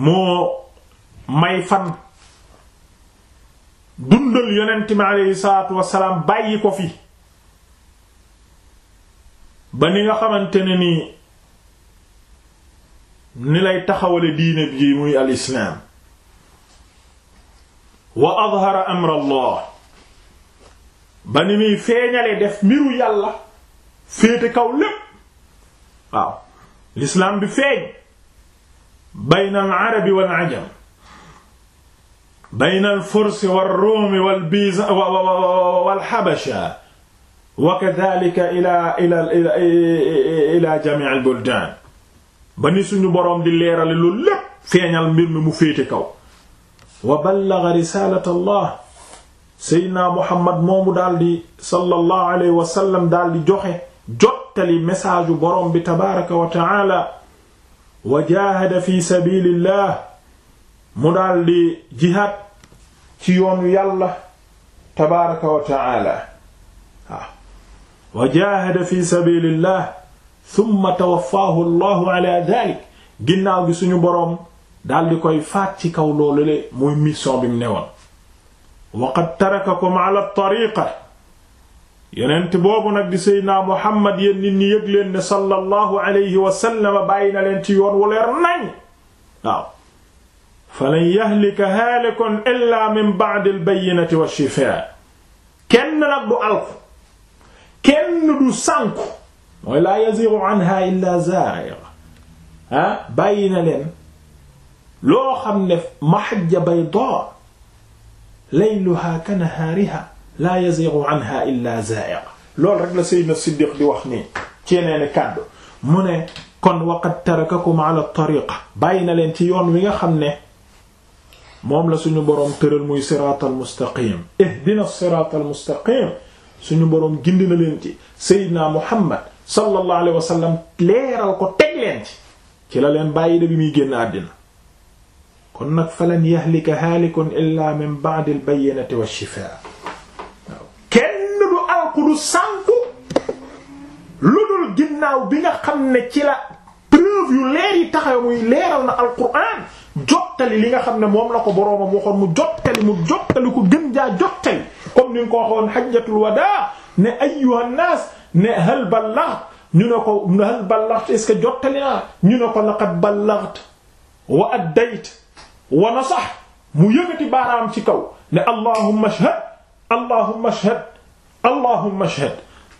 moo may fan dundal yonent mi aleyhi salaatu wasalaam bàyyi ko fi ba ni nga xamante ne nii lay taxawale diine bi muy al islaam wa adhara amra ba ni muy feeñale def mbiru yàlla féete kaw lépp waaw lislaam bi feeñ bayna al arabi wal ajam bayna al fursi wal ruumi wal biza wal habasha wa kadhalika ila ila ila jami' al buldan ba ni suñu boroom di leerale lu lépp feeñal mbir mi mu féete kaw wa ballagha risalata allah seydina muhammad moomu daldi sallallahu alayhi wa sallam daldi joxe jottali message u boroom bi tabaraka wa ta'ala wa jaahada fi sabilillah mu daldi jihaad ci yoonu yàlla tabaaraka wa taala waaw wa jaahada fi sabilillah thumma tawaffaahu allahu ala dalik ginnaaw gi suñu boroom daldi koy faat ci kaw loolu le muy mission bi mu newoon wa qad tarakakum ala tariqa yonent boobu nag di seydinaa Muhammad yéen nit ñi yëg leen ne sallallahu alayhi wa sallam bàyyi na leen ci yoon wu leer nañ waaw falan yahlika haalikun illaa min ba'di al-bayyinati wash-shifaa kenn nag du alku kenn du sànku mooy laa yaziigu anhaa illaa zaa'ig ah bàyyi na leen loo xam ne mahajja baydaa layluhaa ka nahaarihaa laa yazighu anha illa za'iq loolu rek la Seydina Siddiq di wax nii ci yeneen kàddu mu ne kon waqad tarakakum ala tariqa bàyyi na leen ci yoon wi nga xam ne moom la suñu boroom tëral muy siraatal mustaqim ihdina siraatal mustaqim suñu boroom gindi na leen ci Seydina Muhammad sallallahu alayhi wa sallam leeral ko teg leen ci ci la leen bàyyi de bi muy génn àddina kon nag falan yahlika haalikun illa min ba'di al bayyinati wash shifaa lu sànku lu dul ginnaaw bi nga xam ne ci la preuve yu leer yi taxaw muy leeral na alquran jottali li nga xam ne moom la ko boroomam waxoon mu jottali mu jottali ko gën jaa jottali comme ni nga ko waxoon hajjatul wadaa ne ayyuhan naas ne hal ballaxt ñu ne ko hal ballaxt est-ce que jottali naa ñu ne ko laqad ballaxt wa addayt wa nasax mu yëgati baaraam ci kaw ne allahumma ashhad allahumma ashhad allahumma ashhad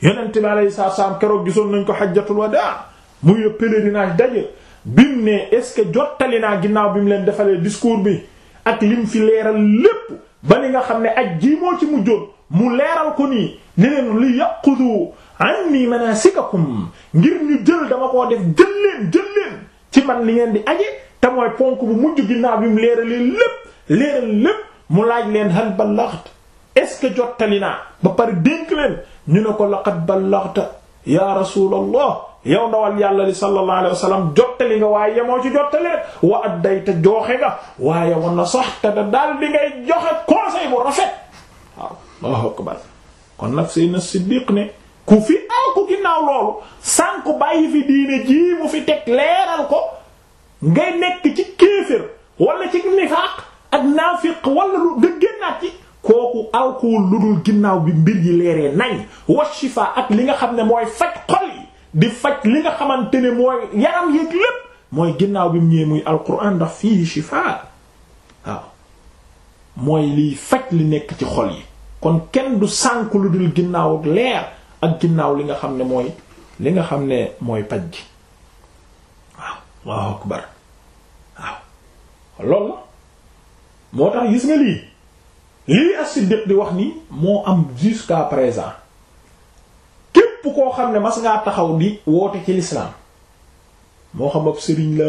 yonent bi alayhi salaatu salaam keroog gisoon nañ ko hajjatul wadaa muy le pèlerinage daje bim ne est-ce que jottali naa ginnaaw bi mu leen defalee discours bi ak lim fi leeral lépp ba li nga xam ne aj jii ci mujjoon mu leeral ko nii ne leen li yaqudu anni manasikakum ngir ñu jël dama koo def jël leen ci man li ngeen di aje te mooy ponk bu mujj ginnaaw bi mu leeralee leen leeral lépp mu laaj leen hal ballaxt est-ce que jottali ba pare dénk leen ñu ne ko laqad ballaghta ya rasulallah yow ndawal yàlla li sallallahu waaye yemoo ci jottali wa addayta jooxe nga waaye wa nasaxta da daal di ngay joxe conseil bu rafet waaw akbar kon nag Seydina Siddiq ne ku fi aw ku ginnaaw loolu sànq bàyyi fi diine jii mu fi teg leeral ko ngay nekk ci kéefër wala ci nifaaq ak naafiq wala lu nga ci kooku alkool lu dul ginnaaw bi mbir yi leeree nañ wa shifa ak li nga xam ne mooy faj xol yi di faj li nga xamante ne mooy yaram yeeg lépp mooy ginnaaw bi mu muy alquran ndax fii shifa waaw mooy liy faj li nekk ci xol yi kon kenn du sànk lu dul ginnaaw ak leer ak ginnaaw li nga xam ne mooy li nga xam ne mooy paj gi waaw Allahu akbar waaw loolu moo tax gis nga lii lii as-Siddiq di wax ni moo am jusqu'à présent képp koo xam ne mas ngaa taxaw di woote ci l'islam moo xam ab sëriñ la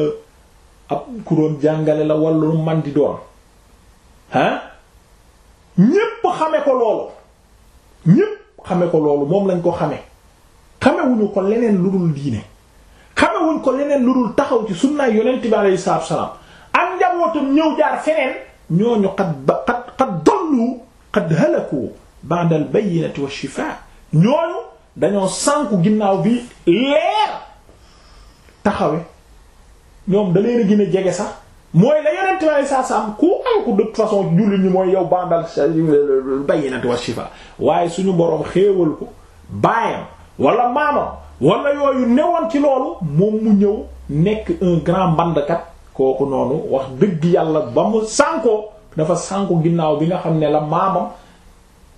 ab ku jàngale la walla man di doon ah ñépp xame ko loolu ñépp xame ko loolu moom lañ ko xame xamewuñu ko leneen lu dul diine xamewuñ ko leneen lu dul taxaw ci sunnaay yonent bi aleyhi salaatu wa salaam am njabootam ñëw jaar feneen ñooñu xat ba xat xat qad halaku ba'da al bayyinati wa shifaa dañoo sànku ginnaaw bi leer taxawe ñoom da leen a gën jege sax mooy la yonent lay saa sa am ku alku de toute façon jullit ñi mooy yow bandal bayyinati wa shifa waaye suñu boroom xéewal ko baayam wala maamam wala yooyu newoon ci loolu moom mu ñëw nekk un grand bandkat kooku noonu wax dëgg yàlla ba mu sànkoo dafa sànku ginnaaw bi nga xam ne la maamam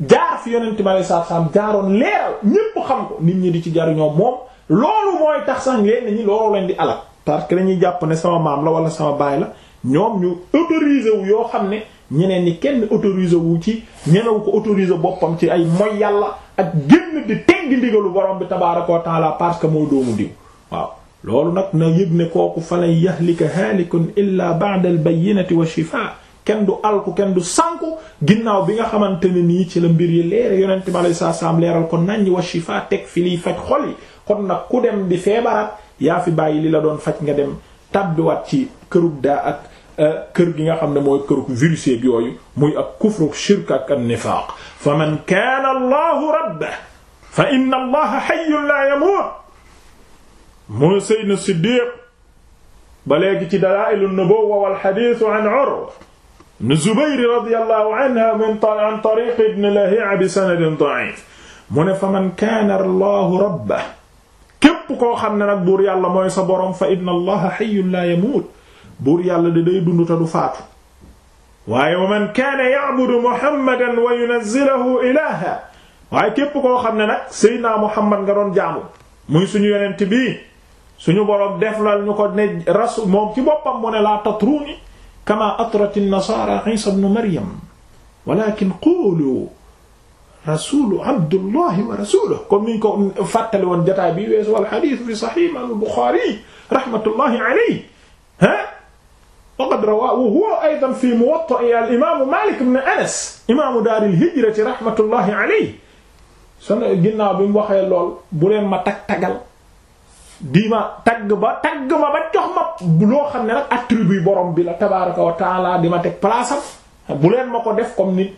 jaar fi yonent bi alei satu salaam jaaroon leeral ñépp xam ko nit ñi di ci jariñoo moom loolu mooy tax sax leen ñi loolu leen di alal parce que dañuy jàpp ne sama maam la wala sama baay la ñoom ñu autorisé wu yoo xam ne ñeneen ñi kenn autorisé wu ci ñenewu ko autorisé boppam ci ay moy yàlla ak génn di teggi ndigalu borom bi tabaaraka wa taala parce que moo doomu diw waaw loolu nag na yëg ne kooku fa lan yahlika haalikun illa ba'da al bayyinati wa kenn du alku kenn du sanku ginnaaw bi nga xamante ne nii ci la mbir yi leere yonent bi alayhi salaam leeral ko naññ wa shifa teg fi liy faj xol yi kon nag ku dem di feebaraat yaa fi bàyyi li la doon faj nga dem tabbiwaat ci kërug daa ak euh, kër gi nga xam ne mooy kërug virus yeeg yooyu muy ak kufru shirk ak an nifaaq fa man kaana allahu rabbahu fa inna allaha hayyun la yamut mu sayyidina siddiq ba léegi ci dalaa'ilun nubuwwa wal hadiis an urwa ibn Zubayr radiyallahu anha min an tariq ibn Lahi'a bi sanadin da'if mu ne fa man kaana Allahu rabbahu képp koo xam ne nag buur yàlla mooy sa borom fa inna Allaha hayyun la yamut buur yàlla da day dund te du faatu waaye wa man kaana ya'budu Muhammadan wa yunazzilahu ilaahan waaye képp koo xam ne nag Seydina Muhammad nga doon jaamu muy suñu yonent bi suñu borom deflal ñu ko ne rasul moom ci boppam mu ne laa tatruuni kama atrat an-nasara isa ibn maryam walakin qulu rasulu abdullahi wa rasuluhu comme niñ ko fàttali woon jotaay bi weesu wal hadith fi sahih imam al-bukhari rahmatullahi alayhi ha wa qad rawaa wa huwa aydan fi muwatta al-imam malik ibn anas imam dar al-hijra rahmatullahi alayhi sana ginnaaw bi mu waxee lool bu leen ma tag tagal di ma tagg ba tagg ma ba jox ma loo xam ne nag attribut borom bi la tabaraka wa taala di ma teg palaasam bu leen ma ko def comme nit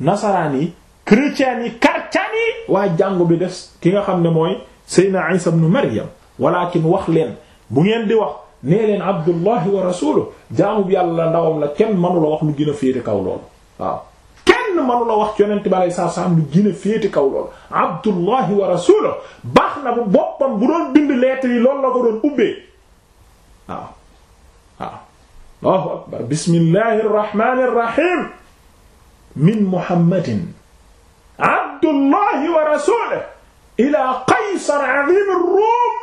nasaraan yi chrétiens yi karcan yi waa jàngu bi des ki nga xam ne mooy Seydina Isa ibn Maryam walakin wax leen bu ngeen di wax nee leen abdullahi wa rasuluh jàngu bi yàlla ndawam la kenn mënula wax lu gën a féete kaw loolu waaw manu la wax ci yonent bi alayhi salaatu salaam lu gën a féete kaw lool abdullahi wa rasuluhu baax na bu boppam bu doon bind lettre yi loolu la ko doon ubbee waaw waaw allahu akbar bismillahi rrahmani rrahim min muhammadin abdullahi wa rasuluhu ila qaysar azim ar-rum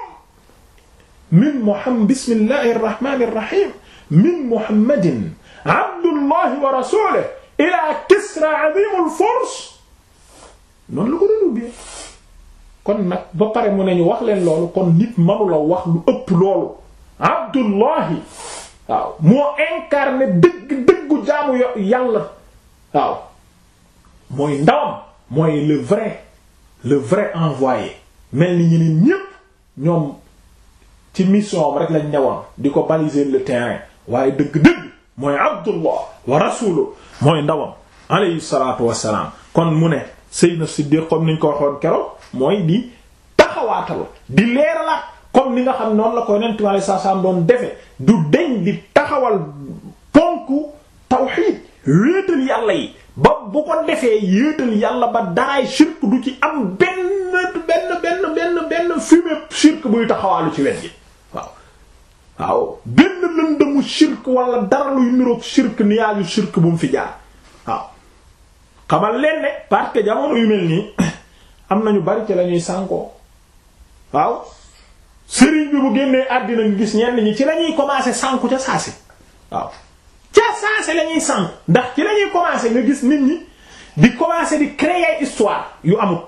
min muhammad bismillahi rrahmani rrahim min muhammadin abdullahi wa rasuluhu ilaa Kisra azimul furs noonu la ko doon ubbee kon nag ba pare mu ne ñu wax leen loolu kon nit mënu wax lu ëpp loolu Abdullahi waaw moo incarné dëgg dëggu jaamu yàlla waaw mooy ndawam mooy le vrai le vrai envoyé mel ni ñeneen ñépp ñoom ci mission am rek lañ ñëwoon di ko baliser le terrain waaye dëgg-dëgg mooy Abdullah wa rasuluhu mooy ndawam alayhi salaatu wassalaam kon mu ne Seydina Siddiq comme ni ñu ko waxoon keroog mooy di taxawaatal di leeralaat comme ni nga xam noonu la ko Yonent bi alayhi salaam doon defe du deñ di taxawal ponku tawxiid wéetal yàlla yi ba bu ko defee yéetal yàlla ba daraay shirk du ci am benn benn benn benn benn fumée shirk buy taxawaalu ci wet gi waaw waaw benn lëndëmu shirk wala dara luy niroog shirk niyaaju shirk bu mu fi jaar waaw xamal leen ne parce que jamono yu mel nii am na ñu bari ci lañuy sànkoo waaw sëriñ bi bu génnee àddina nga gis ñenn ñi ci lañuy commencer sànku ca saasi waaw ca saasi lañuy sànku ndax ci lañuy commencer nga gis nit ñi di commencer di créer histoire yu amul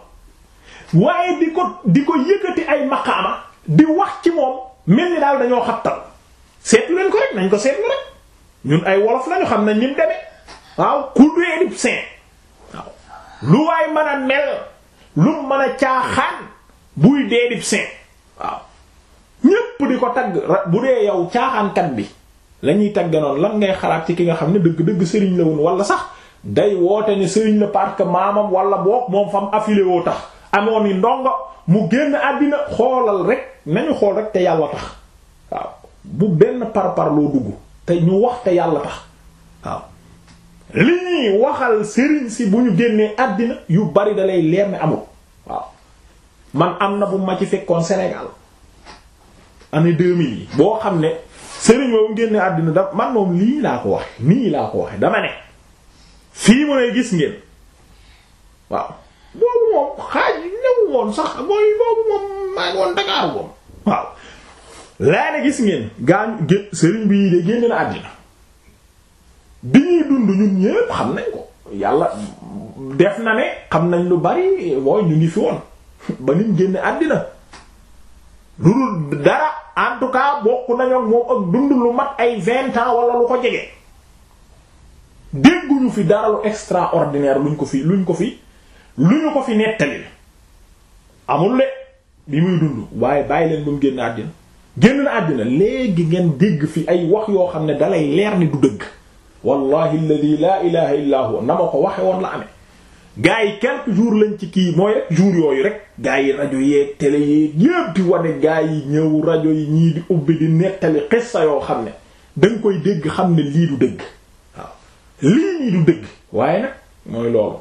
waaye di ko di ko yëkkati ay maqaama di wax ci moom mel ni daal dañoo xattal seetlu ko rek nañ ko seetlu rek ñun ay wolof lañu xam nañ ñim demee waaw ku dee saint waaw lu waay mën a mel lu mën a caaxaan buy dee dib saint waaw ñépp di ko tagg bu dee yow caaxaankat bi lañuy tagganoon lan ngay xalaat ci ki nga xam ne dëgg-dëgg sëriñ la woon wala sax day woote ne sëriñ la parce que maamam wala boog moom fam affilé woo tax amoon ni ndongo mu génn àddina xoolal rek nañu xool rek te yàlla tax waaw bu benn par par loo dugg te ñu wax te yàlla tax waaw li ñuy waxal sëriñ si bu ñu génnee àddina yu bari da lay leer ne amul waaw man am na bu ma ci fekkoon Sénégal année 2000 yi boo xam ne sëriñ boobu àddina da man moom lii laa ko laa ko waxe dama ne fii mu ne moom sax mooy boobu moom maa ngi woon Dakar moom waaw laane gis ngeen gaañ sëriñ bi de génn na àddina bi ñuy dund ñun ñépp xam nañ ko yàlla def na ne xam nañ lu bari mooy ñu ngi fi woon ba nim génn àddina lu dul dara en tout cas bokk nañoo ak dund lu mat ay vingt ans lu ko jege dégguñu fi dara lu extraordinaire luñ ko fi luñ ko fi luñu ko fi nettali amul le bi muy dund waaye bàyyi leen ba mu génn àddina génn na àddina léegi ngeen dégg fi ay wax yoo xam ne dalay leer ni du dëgg wallahi alladhi la ilaha illa huwa na ma ko waxe woon la amee gars yi quelques jours lañ ci kii mooy rek jour yooyu rek gars yi rajo yeeg télé yeeg yépp di wane gars yi ñëw rajo yi ñii di ubbi di nettali xissa yoo xam ne danga koy dégg xam ne lii du dëgg waaw lii nii du dëgg waaye nag mooy loolu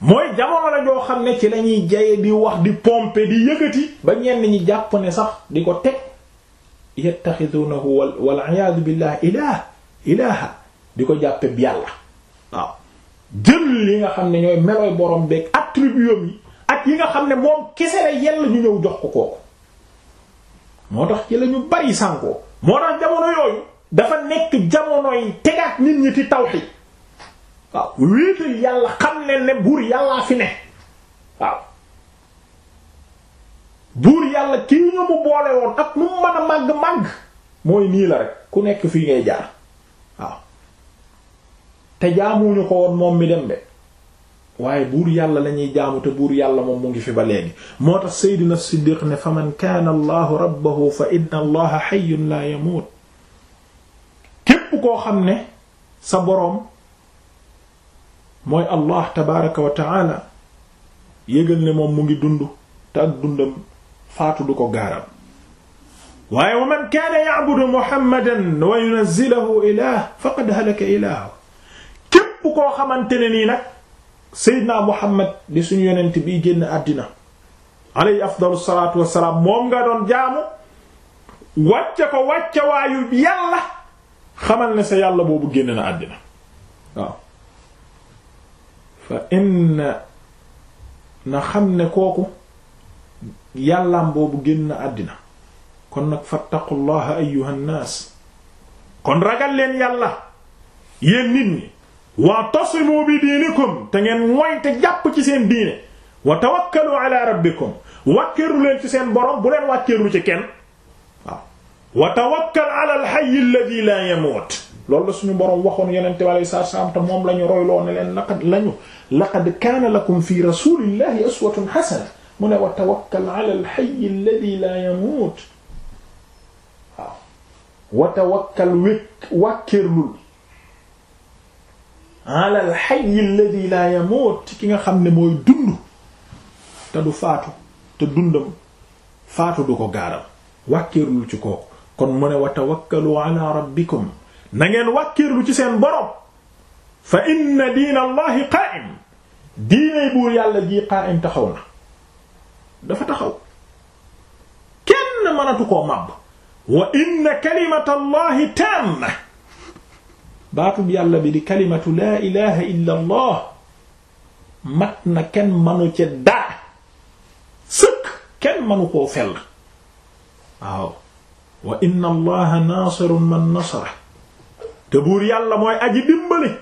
mooy jamono la xam ne ci lañuy jaye di wax di pompe di yëkkati ba ñenn ñi jàpp ne sax di ko teg yattaxidunahu wal wal iyaadu billah ilaah ilaaha di ko jàppe bi yàlla waaw jël li nga xam ne ñooy melooy borom beeg attributs yi ak yi nga xam ne moom kese la ñu ñëw jox ko kooku moo tax ci lañu bari sànkoo moo tax jamono yooyu dafa nekk jamono yi tegaat nit ñi ci tawhid waaw wéetal yàlla xam leen ne buur yàllaa fi ne waaw buur yàlla kii nga mu boole woon ak mu mën a màgg màgg mooy nii la rek ku nekk fii ngay jaar waaw te jaamuñu ko woon moom mi dem de waaye buur yàlla lañuy jaamu te buur yàlla moom mu ngi fi ba léegi moo tax seydina siddiq ne fa man kaana allahu rabbahu fa inna allaha hayyun la yamut képp koo xam ne sa boroom mooy allah tabaraka wa taala yégal ne moom mu ngi dund te ak faatu du ko gaaral waaye wa man kaana ya'budu muhammadan wa yunazzilahu ilah faqad halaka ilahu képp koo xamante ne nii nag seydina muhammad di suñu yonent bi génn àddina alayhi afdalu salatu wasalaam moom nga doon jaamu wàcce ko wàcce waayu yàlla xamal ne sa yàlla boobu génn na àddina fa inna na xam ne kooku yàllaam boobu génn àddina kon nag fattaqullaha ayyuha nnaas kon ragal leen yàlla yéen nit ñi waa tasimu bi diinikum te ngeen moy jàpp ci seen diine wa tawakkalu ala rabbikum wàkkeeru leen ci seen borom bu leen wàkkeeru ci kenn waaw wa tawakkal ala alxayi alladi laa yamuut loolu la suñu borom waxoon yeneen bi alei satu moom la ñu royloo ne leen naka lañu laqad kaana lakum fi rasulillahi uswatun hasana mu ne wa tawakkal ala alxayi alladi laa yamuut waaw wa tawakkal wékk wàkkeerlul ala alxayi alladi laa yamuut ki nga xam ne mooy dund te du faatu te dundam faatu du ko gaaral wàkkeerlul ci kooku kon mu ne wa tawakkalu ala rabbikum na ngeen wàkkeerlu ci seen borom fa inna diina allahi qaa'im diine buur yàlla jii qaa'im taxaw na dafa taxaw kenn mënatu koo màbb wa inna kalimata allahi tamma baatub yàlla bi di kalimatu laa ilaha illa allah mat na kenn manu ci dara sëkk kenn manu koo fell waaw wa inna allaha naasirun man nasara te buur yàlla mooy aji dimbali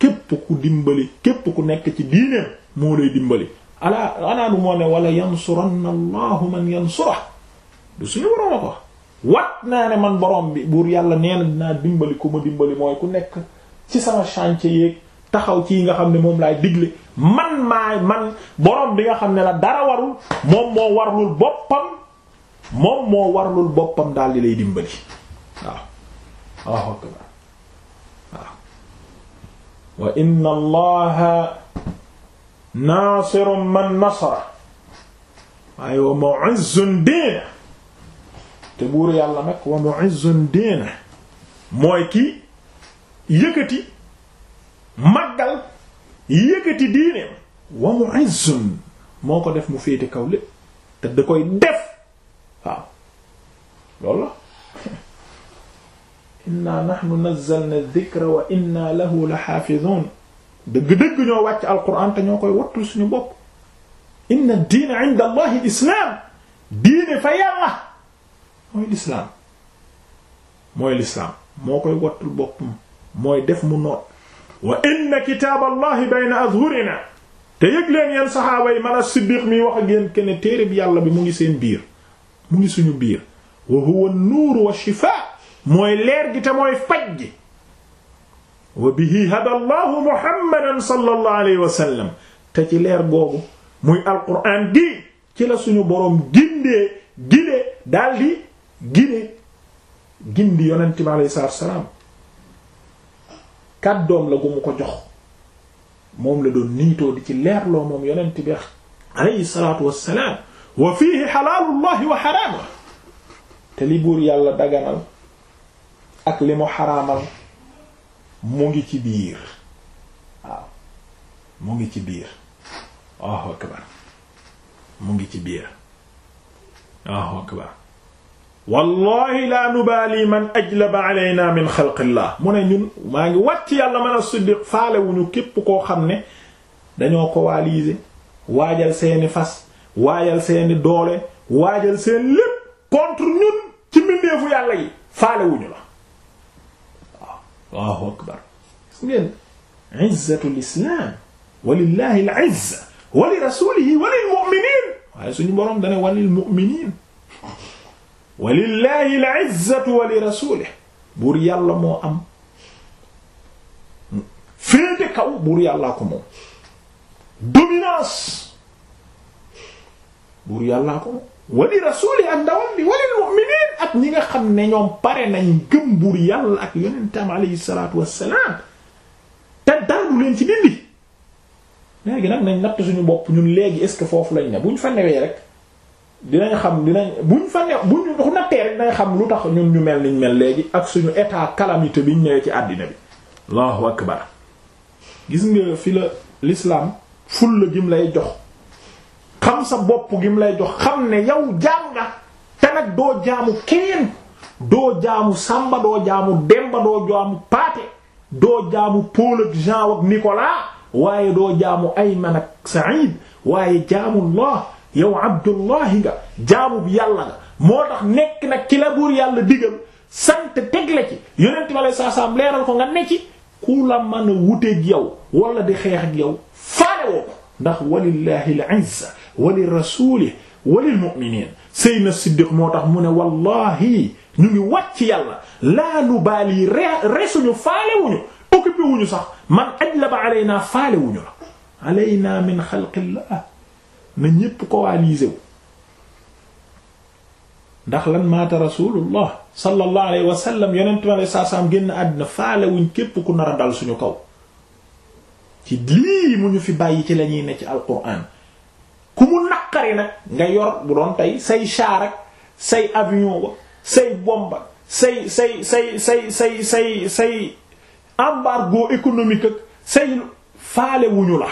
képp ku dimbali képp ku nekk ci diineem moo lay dimbali ala anaanu moo ne wala yansuranna allahu man yansurah du suñu ne man borom bi buur yàlla nee na dinaa dimbali ku ku nekk ci sama chantier yeeg taxaw ci yi nga xam ne moom laay digle man maa man borom nga xam ne la dara warul moom moo warlul boppam moom moo warlul boppam daal di lay dimbali waaw waaw wa inna allaha naasirun man nasara waaye wa mu'izzun diina te buur yàlla nag wa mu'izzun diina mooy ki yëkkati màggal yëkkati diineem wa mu'izzun moo ko def mu féete kaw lépp te da koy def waaw loolu la inna nahnu nazzalna dhikra wa inna lahu la xaafidun dëgg-dëgg ñoo wàcc alquran te ñoo koy wattul suñu bopp inna diina inda allahi islaam diine fa yàlla mooy lislaam mooy lislaam moo koy wattul boppam mooy def mu noot wa inna kitaab allahi bayna azhurina te yëg leen yeen saxaaba yi man a siddiq mi wax ak yéen kene téere bi yàlla bi mu ngi seen biir mu ngi suñu biir wa huwa an-nuur wa shifaa mooy leer gi te mooy faj gi wa bihi hada allahu muhammadan sallallahu alayhi te ci leer googu muy alquran gi ci la suñu boroom gindee gide daldi gide gindi yonente bi alayhi salaatu wasalaam kàddoom la gu mu ko jox moom la doon niitoo di ci leerloo moom yonente bi alayhi salaatu wasalaam wa fiihi xalaalullahi wa xaraamuhu te li buur yàlla daganal ak li mu xaraamal mu ngi ci biir waaw mu ngi ci biir Allahu akbar mu ngi ci biir Allahu akbar wallahi laa nubaali man ajlaba alayna min xalqillah mu ne ñun maa ngi wàcc yàlla man a siddiq faalewuñu képp koo xam ne dañoo ko coaliser waajal seeni fas waajal seeni doole waajal seen lépp contre ñun ci mbindeefu yàlla yi faalewuñu la Allahu akbar gis ngeen izzatul islam walillahi al izza wa li rasulihi wa lil mu'minin waaye suñu boroom dane wa lil mu'minin wa lillahi al izzatu wa li rasulihi buur yàlla moo am féete kaw buur yàllaa ko moom dominance buur yàllaa ko moom wali rasuuli ak ndawam bi walil mu'miniin ak ñi nga xam ne ñoom pare nañ gëm buur yàlla ak yonentam alayhi salaatu wassalaam te dara du leen ci dindi léegi nag nañ natt suñu bopp ñun léegi est-ce que foofu lañ ne buñ fa newee rek dinañ xam dinañ buñ fa ne buñ ñu nattee rek dinañ xam lu tax ñun ñu mel niñ mel léegi ak suñu état calamité biñ newee ci àddina bi allahu akbar gis nga fi la lislaam ful la jëm lay jox xam sa bopp gi mu lay jox xam ne yow jaam nga te nag doo jaamu keneen doo jaamu Samba doo jaamu Demba doo jaamu Paate doo jaamu Paul ak Jean ak Nicolas waaye doo jaamu Ayman ak Saïd waaye jaamu Allah yow Abdullahi nga jaamu bi yàlla nga moo tax nekk nag ci la buur yàlla digal sant tegle ci yonent ma lay saa leeral ko nga ne ci ku la mën a wuteeg yow wala di xeex ak yow faale ndax walillahi al-izza wali rasuli walil mu'minin Seydina Siddiq moo tax mu ne wallahi ñu ngi wàcc yàlla laa nu baal yi re resuñu faale wuñu occupé wuñu sax man ajlaba alaynaa faale wuñu la alaynaa min xalqillah na ñépp coalisé wu ndax lan maata rasulullah sallallahu alayhi wa sallam yonent mi salaam génn àddina faale wuñ képp ku nar a dal suñu kaw ci lii mu ñu fi bàyyi ci la ñuy ne ci alquran ku mu naqari nag bu doon tey say char say avion say bomba say say say say say say say embargo économique ak la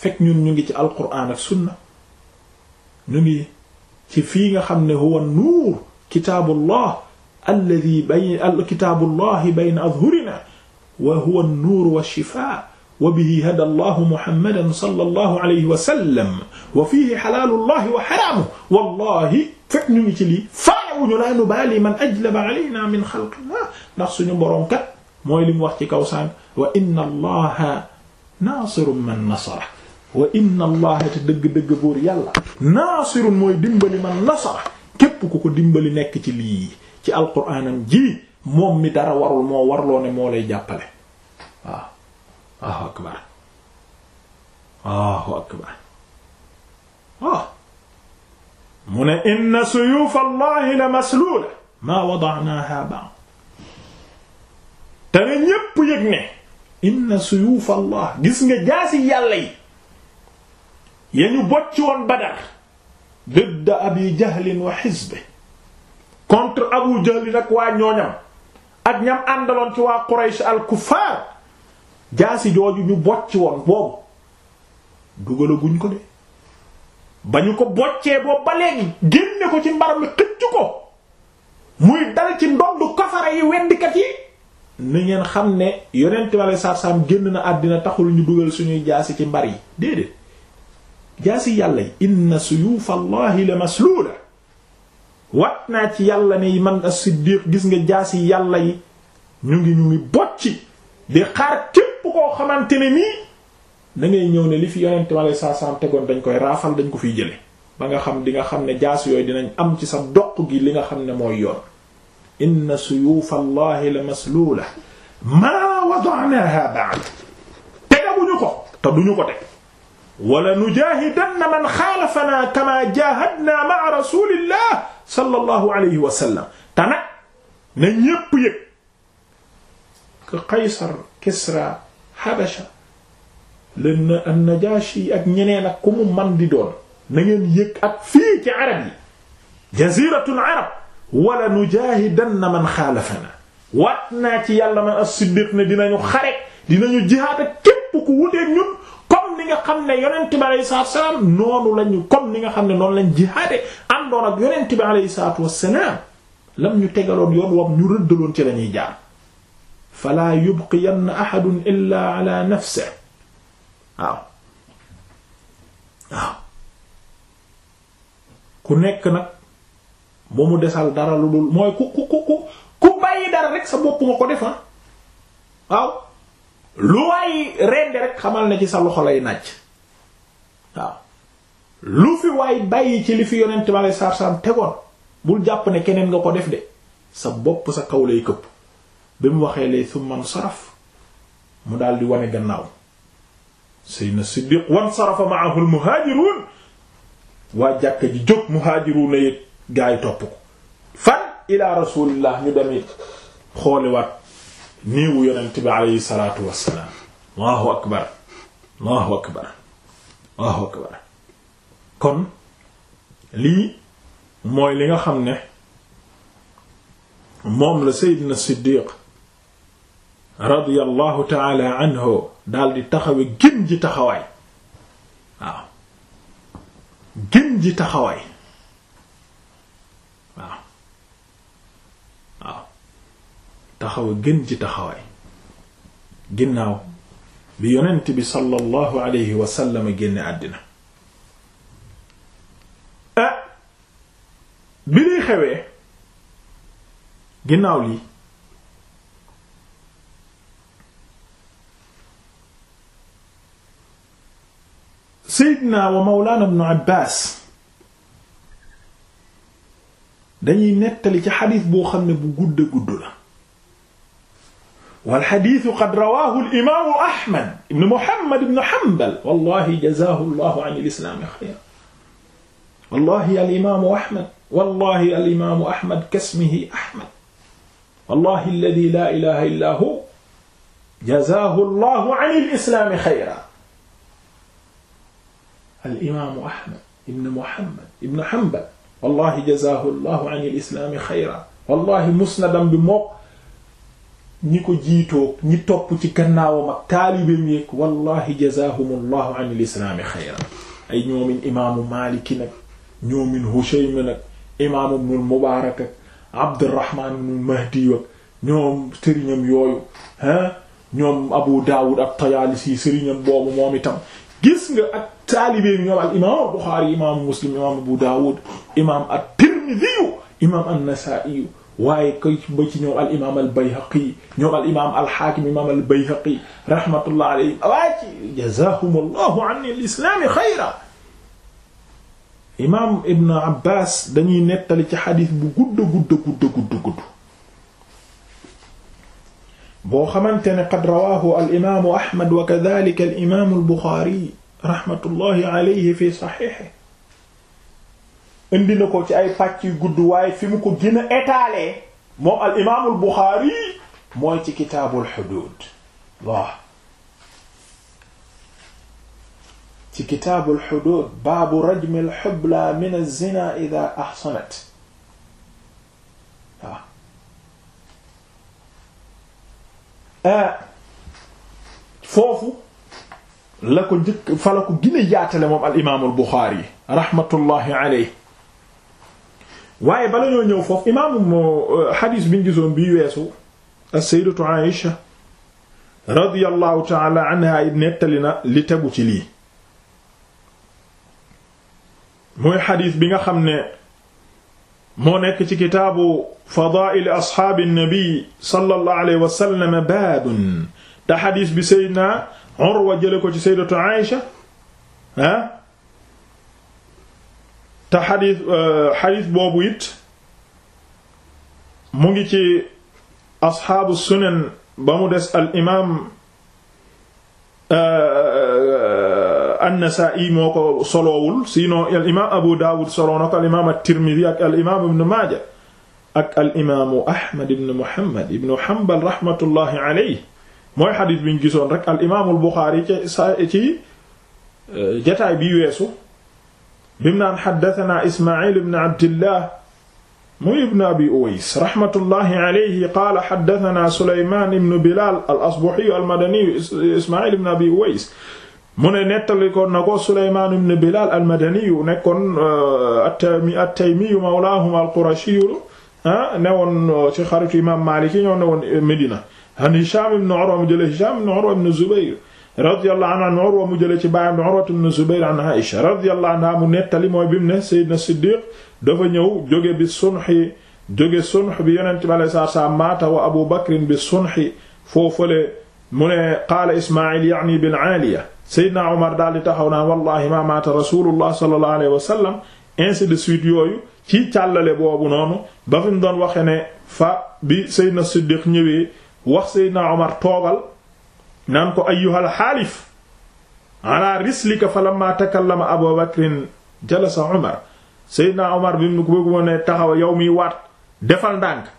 fekk ñun ñu ngi ci alquran ak sunna ñu ngi ci fii nga xam ne huwa nuur kitaabullah alladhi bayna kitaabullahi bayna adhurina wa huwa an-nuur wa shifaa wa bihi hada allahu muhammadan sallallahu alayhi wa sallam wa fiihi halaalu llahi wa haraamuhu wallahi fekk ñu ngi ci lii faawuñu laa nubaali man ajlaba alayna min xalqillah ndax suñu boroom kat mooy li mu wax ci kaw saan wa inna allaha naasirun man nasara wa inna allaha te dëgg-dëgg buur yàlla naasirun mooy dimbali man nasara képp ku ko dimbali nekk ci lii ci alquraanam ji moom mi dara warul moo warloo ne moo lay jàppale waaw Allahu akbar Allahu akbar ah. mu ne inna suyuuf allahi la masluula maa wada'naahaa ba'd te ne ñépp yëg ne inna suyuuf allah gis nga jaasi yàlla yi ya ñu bocci woon Badar didda abi jahlin wa xisbe contre abu jahlin ak waa ñooñam ak ñam àndaloon ci waa Quraysh al-kuffaar jaasi jooju ñu bocc woon boobu dugalaguñ ko de ba ñu ko boccee boobu ba léegi génne ko ci mbar mi xëcc ko muy dal ci ndondu kafara yi weddikat yi ni ngeen xam ne yonent wala sarsam génn na àddina taxul ñu dugal suñuy jaasi ci mbar yi déedéet jaasi yàlla yi inna suyufa allahi la masluula wat naa ci yàlla ne man as-siddiq gis nga jaasi yàlla yi ñu ngi ñu ngi bocci di xaar képp koo xamante ne nii da ñëw ne li fi yonente ma lay saasaam tegoon dañ koy raafal dañ ko fiy jële ba nga xam di nga xam ne jaas yooyu dinañ am ci sa doq gi li nga xam ne mooy yoon inna suyuufa allahi la maslula maa wada'naha ba'd tegabuñu ko te duñu ko teg wala nujaahidanna man xaalafana kama jaahadna ma'a rasulillah sallallahu alayhi wa sallam te nag na ñépp yëg ka Qaysar Kisra xabasha len an-Najaashi ak ñeneen ak ku mu man di doon na ngeen yëg ak fii ci arab yi jaziratul arab wala nujaahidanna man xaalafana waat naa ci yàlla man as-Siddiq ne ñu xare dinañu jihaad ak képp ku wuteeg ñun comme ni nga xam ne yonent bi alayhi salaatu wassalaam noonu lañu comme ni nga xam ne noonu lañ jihaade àndoon ak yonent bi alayhi salaatu lam ñu tegaloon yoon wam ñu rëddaloon ci lañuy jaar falaa yubqiyanna ahadun illa ala nafsihi waaw waaw ku nekk nag bu mu desal dara lu dul mooy ku ku ku ku bàyyi dara rek sa bopp nga ko def ah. waaw lu waay rendi rek xamal na ci sa loxo lay nàcc waaw lu fi waay bàyyi ci li fi yonent ma lay saar tegoon bul jàpp ne keneen nga ko def de sa bopp sa kaw lay këpp ba mu waxee lay summan saraf mu daal di wane gannaaw Seydina Siddiq wan sarafa ma'ahu al-muhaajiruun waa jàkka ji jóg muhaajiruun yi gaa yi topp ko fan ila rasulillah ñu demit xooliwaat niiwu yonent bi alayhi salaatu wassalaam allahu akbar allahu akbar allahu akbar kon lii mooy li nga xam ne moom la Seydina Siddiq radiyallahu taala anhu daldi taxawe gën ji taxawaay waaw gën ji taxawaay waaw gën ji taxawaay ginnaaw bi yonent bi sallallahu alayhi wa àddina eh, bi lay xewee ginnaaw lii sayyidina wa mawlana ibn Abbas dañuy nettali ci xadis boo xam ne bu gudd gudd la wal xadiisu qad rawaahu al imaamu Ahmad ibn Muhammad ibn Hanbal wallaahi jazaahu llaahu an al-islaami xayran wallaahi al imaamu Ahmad wallaahi al imaamu Ahmad kasmihi Ahmad wallaahi alladii laa ilaaha illaa huwa jazaahu llaahu an al-islaami xayran al imaamu Ahmad ibn Muhammad ibn Hanbal wallahi jazaahu llahu an il islaami xayra wallahi musnadam bi mook ñi ko jiitoog ñi topp ci gannaawam ak taalibeem yeeg wallahi jazahum llahu an il islaami xayra ay ñoomin imaamu Maalik nag ñoomin Hushaym nag imaamu ibn al Mubaarak ak Abdurrahmaan ibn Mahdi ak ñoom sëriñam yooyu ah ñoom Abu Daawud ak Tayaalisi sëriñam boobu moom itam gis nga ak taalibeem ñoom al imaamu Buxaari imaamu Muslim imaamu Abu Daawud imaam at-Tirmidhi imaam an-Nasaa'i waaye koy ba ci ñoom al imaam al Bayhaqi ñoom al imaam al Haakim imaam al Bayhaqi rahmatullah alayhim waaye ci jazaahumullahu an al-islaam xayra imaam Ibn Abbas dañuy nettali ci xadiis bu gudd gudd gudd gudd gudd boo xamante ne qad rawaahu al imaamu Ahmad wa kadhalika al imaamu al Bukhari rahmatullahi alayhi fi saxiixe indi na ko ci ay pàcc yu gudd waaye fi mu ko gën a étalé moom al imaamul Buxaari mooy ci kitaabul xuduud waaw ci kitaabul xuduud baabu rajmil xublaa min az-zinaa idaa ahsanat Euh, foofu la ko njëkk fa la ko gine yaatale moom al imaamul Buxaari rahmatullahi alayhi waaye bala ñoo ñëw foofu imaamum euh, xadiis bi ñu gisoon bi weesu as-sayyidatu Aïsha radiyallahu ta'ala anha nettali na li tegu ci lii mooy xadiis bi nga xam ne moo nekk ci kitaabu fadaa'il asxaabi nabi sallallahu alayhi wa sallam baabun te xadiis bi Seydina Urwa jële ko ci Sayyidatu Aïsha ah te xadiis euh, xadiis boobu it mu ngi ci asxaabu sunan ba mu des al imaam euh, an-Nasaa'i moo ko soloowul sinon al imaam Abu Daawud soloo na ko al imaam at-Tirmidhi ak al imaam Ibn Maaja ak al imaamu Ahmad ibn Muhammad ibn Hanbal rahmatullahi alayhi mooy xadis bi ñu gisoon rek al imaamul Buxaari ci sa ci euh, jataay bi weesu bim naan haddasanaa Ismaa'iil ibn Abdillah muy ibn Abi Uways rahmatullahi alayhi qaala haddasanaa Sulaymaan ibn Bilaal al-Asbahi al-Madani Ismaa'iil ibn Abi Uways mu ne nettali ko na ko Sulaymaan ibn Bilaal al-Madaniyu nekkoon euh, at-Taymi at-Taymiyu mawlaahum al-Qurashiyu ah, newoon euh, ci xaritu imaam Maalik yi ñoo newoon Medina an Hishaam ibn Urwa mu jële Hishaam ibn Urwa ibn Zubayr radiyallahu anhu an Urwa mu jële ci baayam Urwa ibn Zubayr an Aisha radiyallahu anha mu nettali mooy bi mu ne Seydina Siddiq dafa ñëw jóge bi sunxi jóge sunx bi yonent bi alayhi salaatu salaam maata wa Abu Bakr bi sunxi foofale mu ne qaala Ismaa'il ya'ni bil 'Aaliya Seydina Omar daal di taxaw naa wallahi ma maata rasulullah sallallahu alayhi wa sallam yooyu ci càllale boobu noonu ba fi doon waxee ne fa bi Seydina Siddiq ñëwee wax Seydina Omar toogal naan ko ayyuhal xaalif ala rislika falamma takallama Abu Bakrin jalasa Omar Seydina Omar bi mu bëgguma ne taxaw yow miy waat defal ndànk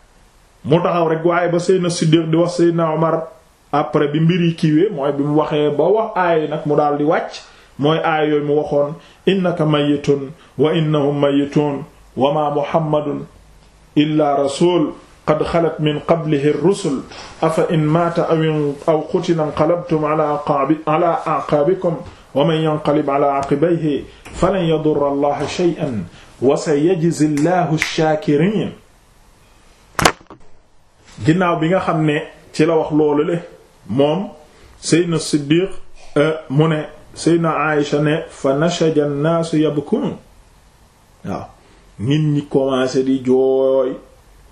mu taxaw rek waaye ba Seydina Siddiq di wax Seydina Omar après bi mbir yi mooy bi mu ba wax aaya nag mu daal di wàcc mooy aaya yooyu mu waxoon innaka mayitun wa innahum mayitun wa ma muhammadun illa rasul qad xalat min qablihi rusul afa in maata aw aw qutila inqalabtum ala aqaabikum wa man yanqalib ala aqibayhi falan yadurra allaha shay'an wa sayajzi allahu ash-shakirin ginnaaw bi nga xam ne ci la wax loolu le moom seydna siddiq euh, mu ne seydna aïsha ne fa nashaja nnaasu yabkun waaw nit ñi commencé di jooy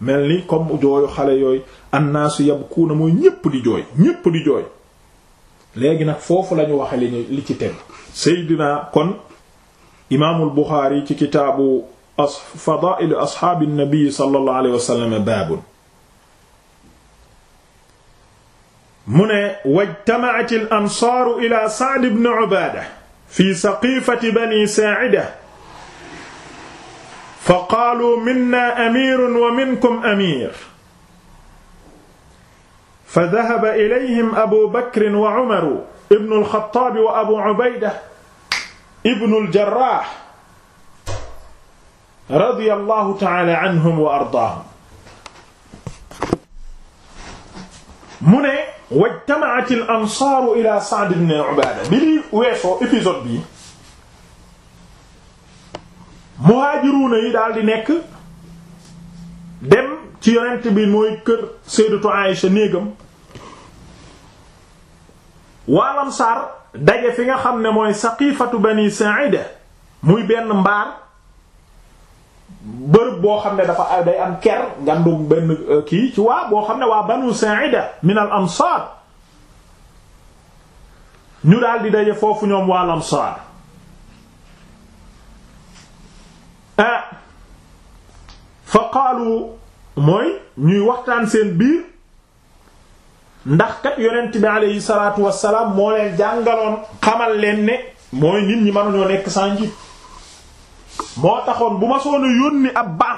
mel ni comme jooyu xale yooyu annaasu yabkuuna mooy ñépp di jooy ñépp di jooy léegi nag foofu lañu waxe li ci teg seydina kon imaamul buxaari ci kitaabu fadaailu asxaabi nnabii sallallahu alayhi wa sallam baabun mu ne wajtamaat al ansaaru ila Sa'd ibn Ubaada fi saqiifati bani Saa'ida fa qaaluu minna amiirun wa minkum amiir fa dahaba ilayhim abu bakr wa umaru ibnu alxattaab wa abu ubayda ibnu aljarraax radiyallahu ta'aala anhum wa ardaahum mu ne wajtamaat al ansaaru ila Sa'd ibn Ubaada bi li weesoo yi daal di nekk dem ci bi mooy kër Sayyidatu néegam waa lansaar daje fi nga xam ne mooy saqiifatu bani Saa'ida muy benn mbaar bërëb boo xam ne dafa day am ker ngandum benn euh, kii ci waa boo xam ne waa banu Sa'ida min al ansaar ñu daal di daje foofu ñoom waa al ansaar ah fa qaalu mooy ñuy waxtaan seen biir ndax kat yonent bi aleyhi salaatu wassalaam moo leen jàngaloon xamal leen ne mooy nit ñi mënuñoo nekk sans moo taxoon bu ma soo a yónni ab baax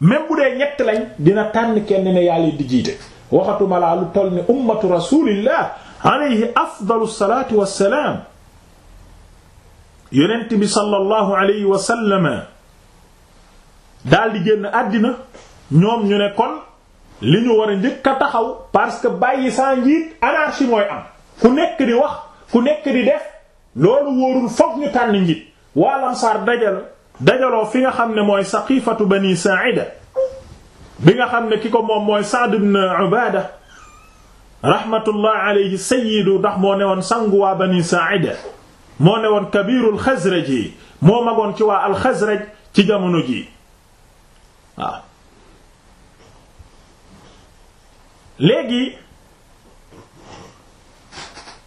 même bu dee ñett lañ dina tànn kenn ne yàlla di jiite waxatuma laa lu toll ni ummatu rasulillah alayhi afdalu salaatu wassalaam yonent bi sallallahu alayhi wa sallam daal génn àddina ñoom ñu ne kon li ñu war a njëkk a taxaw parce que bàyyi saa njiit anarchie mooy am ku nekk di wax ku nekk di def loolu wóorul foog ñu tànn njiit waalamsaar dajal dajaloo fi nga xam ne mooy saqifatu bani sa'ida bi nga xam ne ki ko moom mooy Sa'd ibn Ubaada rahmatullah alayhi ndax moo ne woon sangu waa bani sa'ida moo ne woon kabirul xasraj yi moo magoon ci waa alxasraj ci jamono ji waaw léegi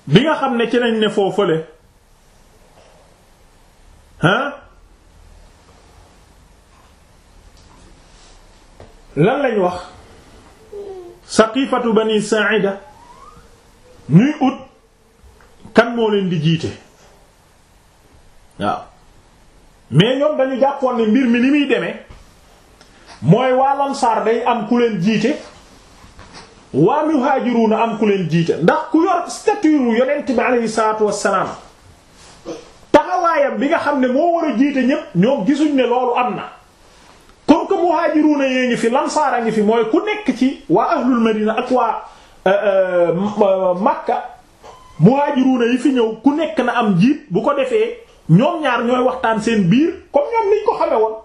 bi nga xam ne ci lañ ne foofale ah lan wax saqifatu bani sa'ida ñuy ut kan moo leen di jiite waaw mais ñoom dañu jàppoon ne mbir mi ni muy demee mooy waa lansaar day am ku leen jiite waa muhaajiruuna am ku leen jiite ndax ku yor statut yonent bi aleyhi salaatu wassalaam taxawaayam bi nga xam ne moo war a jiite ñépp ñoo gisuñ ne loolu am na comme que muhaajiruuna yee ngi fi lansaar a ngi fi mooy ku nekk ci waa ahlul madina ak waa euh, euh, makka muhaajiruuna yi fi ñëw ku nekk na am jiit bu ko defee ñoom ñaar ñooy waxtaan seen biir comme ñoom liñ ko xame woon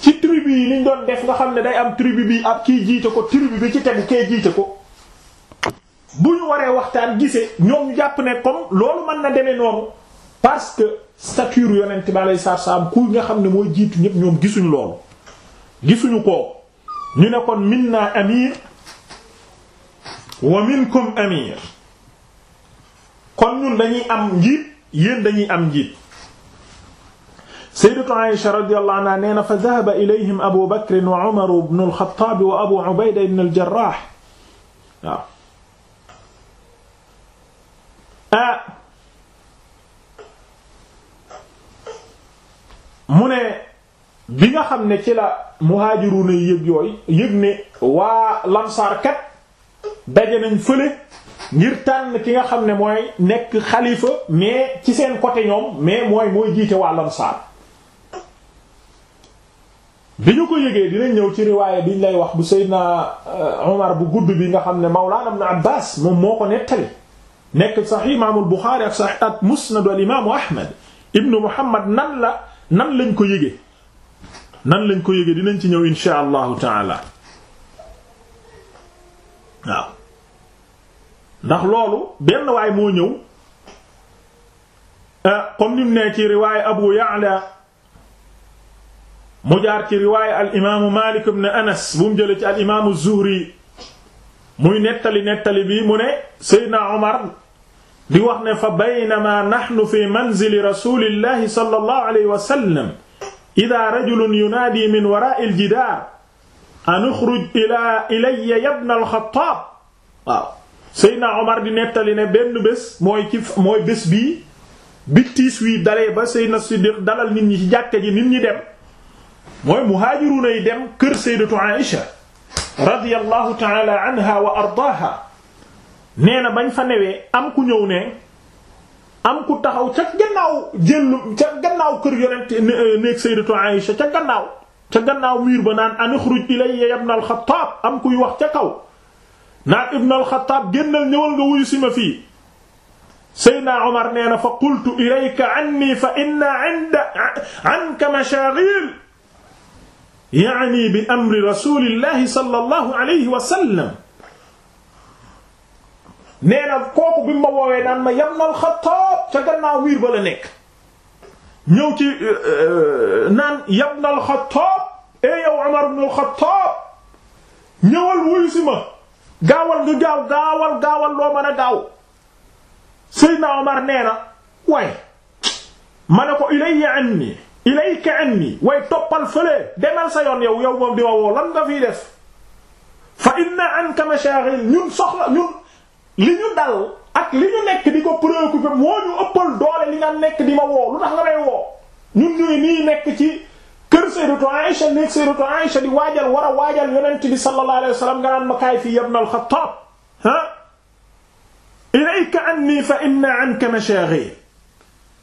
ci tribu yi liñ doon def nga xam ne day am tribu bi ak kii jiite ko tribu bi ci tegu kee jiite ko bu ñu waree waxtaan gisee ñoom ñu jàpp ne comme loolu mën na demee noonu parce que stature yonent bi alayhi salaam ku nga xam ne mooy jiitu ñëpp ñoom gisuñu loolu gisuñu ko ñu ne kon minna amir wa minkum amir kon ñun dañuy am njiit yéen dañuy am njiit sayyidatu Aisha radiyallahu anha nee na fa dhahaba ilayhim Abu Bakr wa Umar ibn al-Khattab wa Abu Ubayda ibn al-Jarrah waaw ah mu ne bi nga xam ne ci la muhajiruna yëg yooyu yëg ne waa lamsaar kat daje nañ fële ngir tànn ki nga xam ne mooy nekk xalifa mais ci seen côté ñoom mais mooy mooy jiite waa lamsaar bi ñu ko yëgee dinañ ñëw ci riwaaya biñ lay wax bu Seydina euh, Omar bu gudd bi nga xam ne Mawlana Ibn Abbas moom moo ko nettali nekk Sahih Imaamul Buxaari ak Sahih ak Musnad al Imaamu Ahmad ibnu Muhammad nan la nan lañ ko yëgee nan lañ ko yége dinañ ci ñëw insha allahu taala waaw ndax loolu benn waay moo ñëw eh, comme nim ne ci riwaay abu ya'la mu jaar ci riwaay al imaamu malik ibn anas bu mu jële ci al imaamu zuhri muy nettali nettali bi mu ne seydna omar di wax ne fa baynama nahnu fi manzili rasulillahi sallallahu alayhi wa sallam ida rajulun yunaadi min wara'i al-jidaar an uxruj ila ilayya ya ibna al-Xattaab waaw Seydina Omar di nettali ne benn bés mooy ci mooy bés bii bi tiis wii dalee ba Seydina Siddiq dalal nit ñi ci jàkka ji nit ñi dem mooy muhaajiruuna yi dem kër Sayyidatu Aïsha radiyallahu ta'ala anha wa ardaaha nee na bañ fa newee am ku ñëw ne am ku taxaw ca gannaaw jël ca gannaaw kër yonent eh, néeg sayyidatu Aïsha ca gannaaw ca gannaaw miir ba naan an uxruj ilayya ibn al-Xattaab am kuy wax ca kaw naan ibn al-Xattaab génnal ñëwal nga wuyu si ma fii Seydina Omar nee na fa qultu ilayka anni fa inna inda anka mashaghil ya'ni bi amri rasulillahi sallallahu alayhi wa sallam nee na kooku bi ma woowee naan ma yam nal xataab ca gannaaw wiir ba la nekk ñëw ci euh, euh, naan yam nal xataab e eh, yow Umar ibn al-Xattaab ñëwal wuyu si ma gaawal nga gaaw gaawal gaawal loo ma a gaaw Seydina Omar nee na waaye ma ne ko ilayya anni ilayka anni way toppal fële demal sa yon yow yow ma woo lan nga fiy def fa inna anka mashaghil ñun soxla ñun li ñu dal ak li ñu nekk di ko préoccupé moo ñu ëppal doole li nga nekk di ma woo lu tax nga may woo ñun nii nekk ci kër Sayyidatu Aïsha nekk Sayyidatu Aïsha di waajal war a waajal yonent bi sallallahu alayhi wasallam nga naan ma kaay fii ibn al-Khattab ha ilayka anni fa inna anka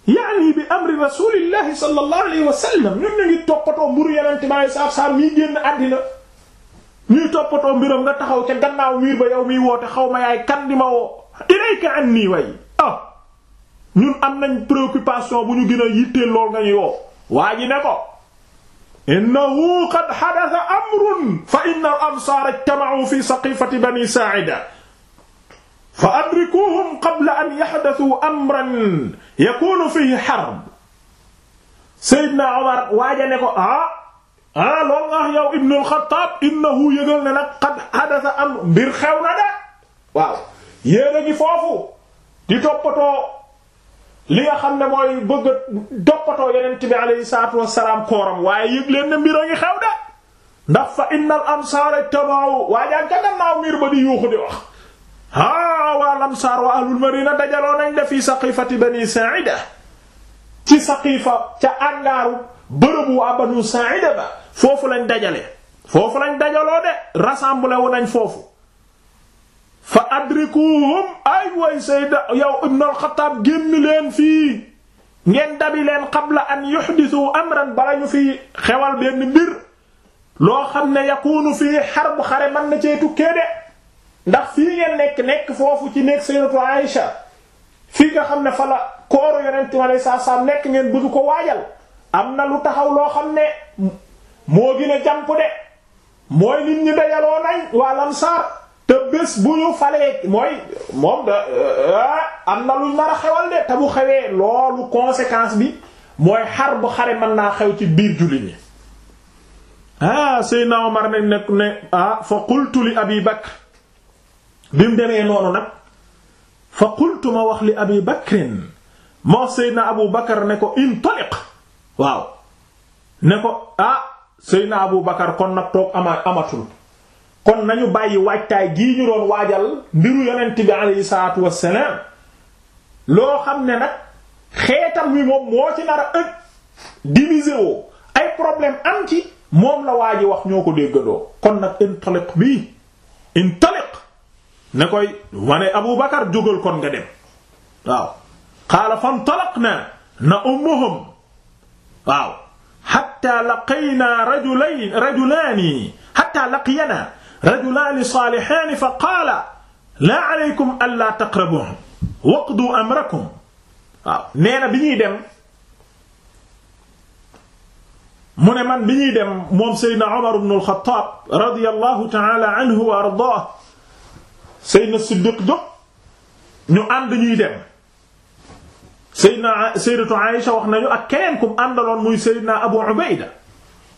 bi amri rasulillahi sallallahu alayhi wasallam ñun ñu ngi toppatoo mburu yonent bi sallallahu alayhi wasallam mi génn àddina ñuy toppatoo biram nga taxaw ca gannaaw wiir ba yow miy woote xaw ma yaay kan di ma woo anni way ah. ñun am nañ préoccupation bu ñu gën a yitteel lool nga ñuy waa ne ko innahu qad hadatha amrun fa inna al fi saqifati bani sa'ida fa adrikuhum qabla an yahdathu amran yakunu fihi harb sayyidna Umar waaja ne ko ah ah loolu nga wax yow Ibnul Xattaab innahu yëgal ne nag qad hadatha am mbir xew na de waaw yéen a ngi foofu di toppatoo li nga xam ne mooy bëgg a toppatoo yonent bi alayhi salaatu wassalaam kooram waaye yëg leen ne mbir a ngi xew de ndax fa innal ansaara tabaaw waa jaa gannaaw miir ba di yuuxu di wax ah waa lamsaar wa ahlul madina dajaloo nañ de fi saqifati bani sa'ida ci saqifa ca àngaaru bërëbu waa banu sa'ida ba foofu lañ dajale foofu lañ dajaloo de rassemblé wu nañ foofu fa adrikuhum ay way sayda yow ibn al-Xattaab génn leen fii ngeen dabi leen qabla an yuhdisu amran bala ñu fi xewal benn mbir loo xam ne yakunu fii xar xare mën na cee tukkee de ndax fii ngeen nekk nekk foofu ci nekk sayyidatu Aïsha fii nga xam ne fa la kooru yonent mi alayhi nekk ngeen bëgg ko waajal am na lu taxaw loo xam ne moo gën a de mooy nit ñi dajaloo nañ waa lamsaar te bés bu ñu falee mooy moom da eh, am na luñ nar a xewal de te bu xewee loolu conséquence bi mooy xar bu xare mën naa xew ci biir jullit ñi ah Seydina Omar nañ ne ah fa qultu li Abi Bakr bi mu demee noonu nag fa qultu ma wax li Abi Bakrin moo Seydina Abu Bakr ne ko intaliq waaw ne ko ah Seyna Abu Bakar kon nag toog ama amatul kon nañu bàyyi waajtaay gii ñu doon waajal mbiru yonent bi alayhi salaatu wassalaam loo xam ne nag xeetam wi moom moo ci nar a ëpp ay problème am ci moom la waa ji wax ñoo ko déggandoo kon nag intaliq bi intaliq ne koy wane Abu Bakar jógal kon nga dem waaw xaala fantalaqna na ummuhum waaw xatta laqaynaa rajulayn rajulaani xatta laqiyanaa rajulaani saalihaani fa qaala laa aleykum allaa taqrabuhum waqduu amrakum waaw nee na bi ñuy dem mu ne man bi ñuy dem moom Seydina Omar ibn al-Khattab radiyallahu ta'ala anhu wa ardaahu Seydina Siddiq jóg ñu ànd ñuy dem Seydina Sayyidatu Aïsha wax nañu ak keneen kum àndaloon muy Seydina Abu Ubayda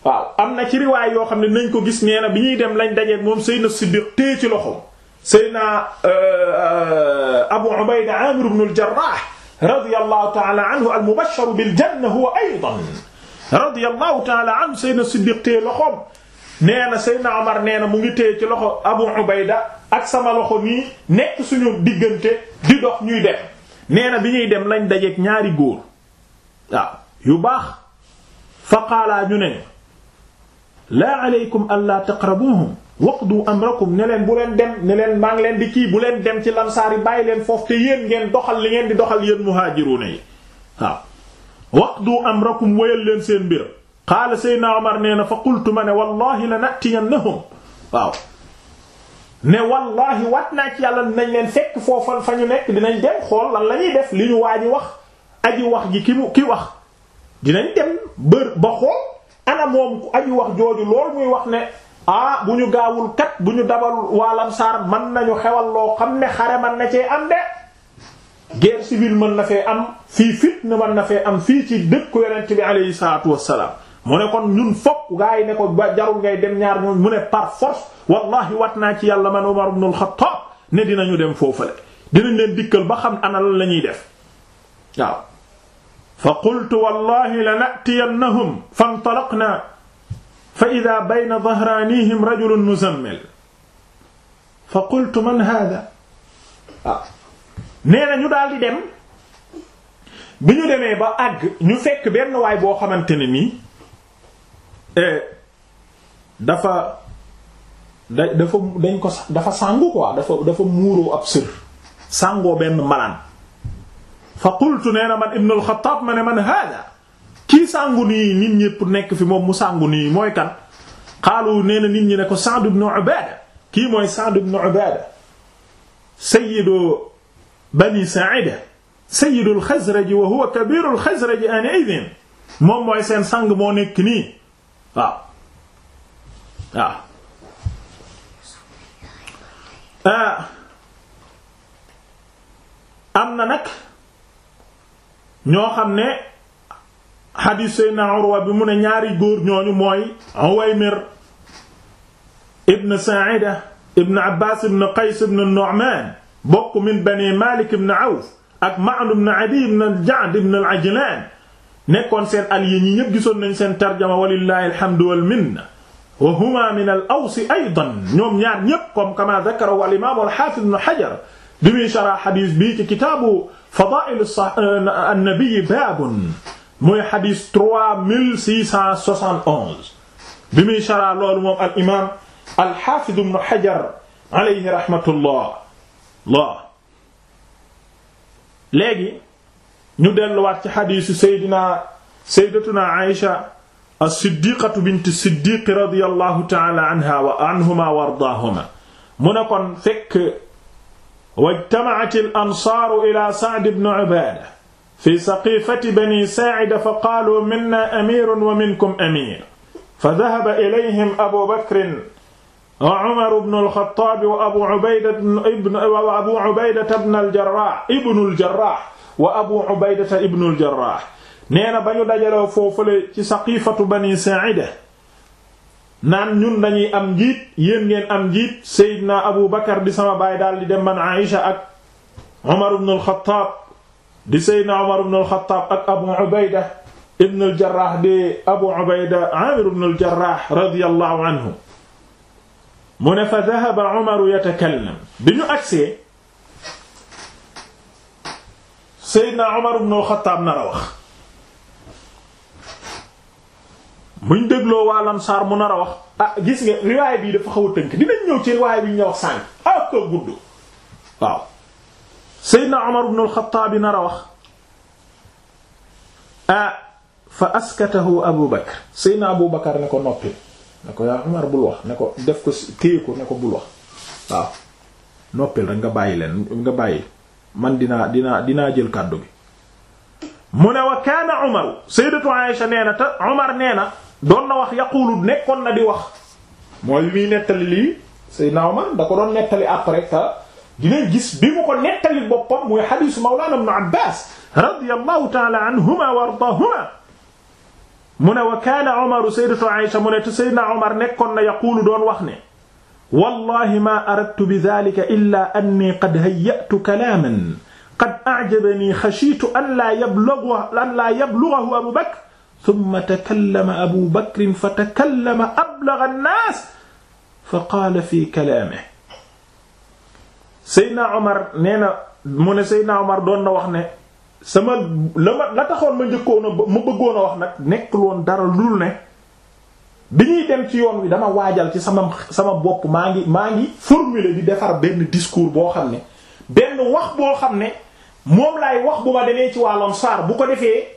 waaw am na ci riwaay yoo xam ne nañ ko gis nee na bi ñuy dem lañ dajeek moom Seydina Siddiq téye ci loxoom Seydina euh, euh, Abu Ubayda Amir ibn al-Jarrah radiyallahu ta'ala anhu al-mubashshar bil janna huwa aydan radiyallahu ta'ala anhu Seydina Siddiq téye loxoom nee na Seydina Omar nee na mu ngi téye ci loxo Abu Ubayda ak sama loxo nii nekk suñu diggante di dox ñuy def neena bi ñuy dem lañ dajeek ñaari góor yu baax fa qaalaa ñu ne laa aleykum allaa taqrabuhum waqdu amrakum ne leen bu leen dem ne leen maa ngi leen di kii bu leen dem ci lansaar yi bàyyi leen foofu te ngeen doxal li ngeen di doxal yéen muhaajiruuna yi waaw waqdu amrakum wéyal leen seen mbir qaala seydna Umar nee na fa qultu ma ne wallahi la natiyannahum ne wallahi wat naa ci yàlla dinañ leen fekk foofal fa ñu nekk dinañ dem xool lan lañuy def li ñu waa wax aji wax ji ki mu ki wax dinañ dem bër ba xool ana moom aji wax jooju lool muy wax ne ah bu ñu gaawul kat bu ñu dabalul waalam saar man nañu xewal loo xam ne xare man na cee am de guerre civile mën na fee am fii fit fitna mën na fee am fii ci dëkku yonent bi alayhi salaatu wassalaam mu ne kon ñun fokk gaa yi ne ko ba jarul ngay dem ñaar ñoom mu ne par force wallahi wat naa ci yàlla man Umar ibn al-Khattab ne ñu dem foofale dinañ leen dikkal ba xam ana lan la ñuy def waaw fa qultu wallahi la natiyannahum fantalaqna fa ida bayna dhahranihim rajulun muzammil fa qultu man hada waaw nee na ñu daal di dem bi ñu demee ba àgg ñu fekk benn waay boo xamante ne nii Eh, dafa da dafa dañ ko dafa sangu quoi dafa dafa muuroo ab sër sangoo benn malaan fa qultu nee man ibn al-Khattab ma ne man hada kii sangu nii nit ñépp nekk fi moom mu sangu nii mooy kan xaalu nee na nit ñi ne ko Sa'd ibn Ubaada kii mooy Sa'd ibn Ubaada sayyidu bani Saa'ida sayyidu al wa huwa kabiiru al-Xasraj ana'idhin moom mooy seen sang moo nekk nii waaw ah. ah. waaw ah. am na nag ñoo xam ne xadiis Seydina Urwa bi mu ne ñaari góor ñooñu mooy Uwaymir ibn Sa'ida ibn Abbaas ibn Qays ibn Nu'maan bokk min Bani Maalik ibn Awf ak Ma'n ibn Adiy ibn Ja'd ibn al-Ajlaan nekkoon seen alliés ñi ñëpp gisoon nañ seen tarjama walillahi alhamdu wal minna wa huma min al aws aydan ñoom ñaar ñëpp comme kama dakarahu al imam al hafiz ibn hajar bi muy shara xadis bii ci kitaabu fadail annabii euh, baabun mooy xadis 3671 bi muy shara loolu moom al imam al hafiz ibn hajar alayhi rahmatullah léegi ñu delluwaat ci xadiisu seydina saydatuna Aïsha as-siddiqatu bint siddiq radiyallahu ta'ala anha wa anhuma wa ardaahuma mu ne kon fekk wajtama'at al-ansaaru ila Sa'd ibn Ubaada fi saqifati bani Saa'ida fa qaaluu minna amiirun wa minkum amiir fa dhahaba ilayhim Abu Bakr wa Umar ibn al-Khattaab wa Abu Ubayda ibn wa Abu Ubayda ibn al-Jarraah ibn al-Jarraah wa abu ubaydata ibnu aljarah nee na ba ñu dajaloo ci saqifatu bani saida naan ñun dañuy am njiit yéen ngeen am njiit seydina abu bakar di sama baay daal di dem man aïsha ak umar ibn alxataab di seydina umar ibn alxataab abu ubayda ibn aljarah di abu ubayda amir ibn aljarah anhu mu ne fa dahaba umaru yatakallam bi Seydina Umar ibn Xattaab nar a wax muñ dégloo waa Ansaar mu nar a wax ah, gis nga riwaay bii dafa xaw a tënk dinañ ñëw ci riwaay bi ñu wax sànq ah ko gudd waaw Seydina Umar ibn Xattaab nar a wax ah fa askatahu Abu Bakr Seydina Abu Bakr ne ko noppi ne ko yaa Umar bul wax ne ko def ko téye ko ne ko bul wax waaw noppil rek nga bàyyi leen nga bàyyi man dinaa dinaa dinaa jël kàddu gi mu ne wa kaana Umar sayyidatu Aisha nee na te Umar nee na doon na wax yaqulu nekkoon na di wax mooy li muy nettali lii sayyidna Umar da ko doon nettali après te dinañ gis bi mu ko nettali boppam muy hadiisu Mawlana Ibn Abbaas radiyallahu ta'ala anhuma wa ardaahuma mu ne wa kaana Umar sayyidatu Aisha mu ne te sayyidna Umar nekkoon na yaqulu doon wax ne wallahi ma aradtu bi dhalika illa anni qad hayya'tu kalaaman qad a'jabani xashiitu an laa yablughahu an laa yablughahu Abu Bakr thumma takallama Abu Bakr fa takallama ablagha an-naas fa qaala fi kalaamihi Seydina Omar nee na mu ne Seydina Omar doon na wax ne sama la ma la taxoon ma njëkkoon a ma bëggoon a wax nag nekkul woon dara lul ne bi ñuy dem ci yoon wi dama waajal ci sama sama bopp maa ngi maa ngi formuler di defar benn discours boo xam ne benn wax boo xam ne moom laay wax bu ma demee ci wàllum saar bu ko defee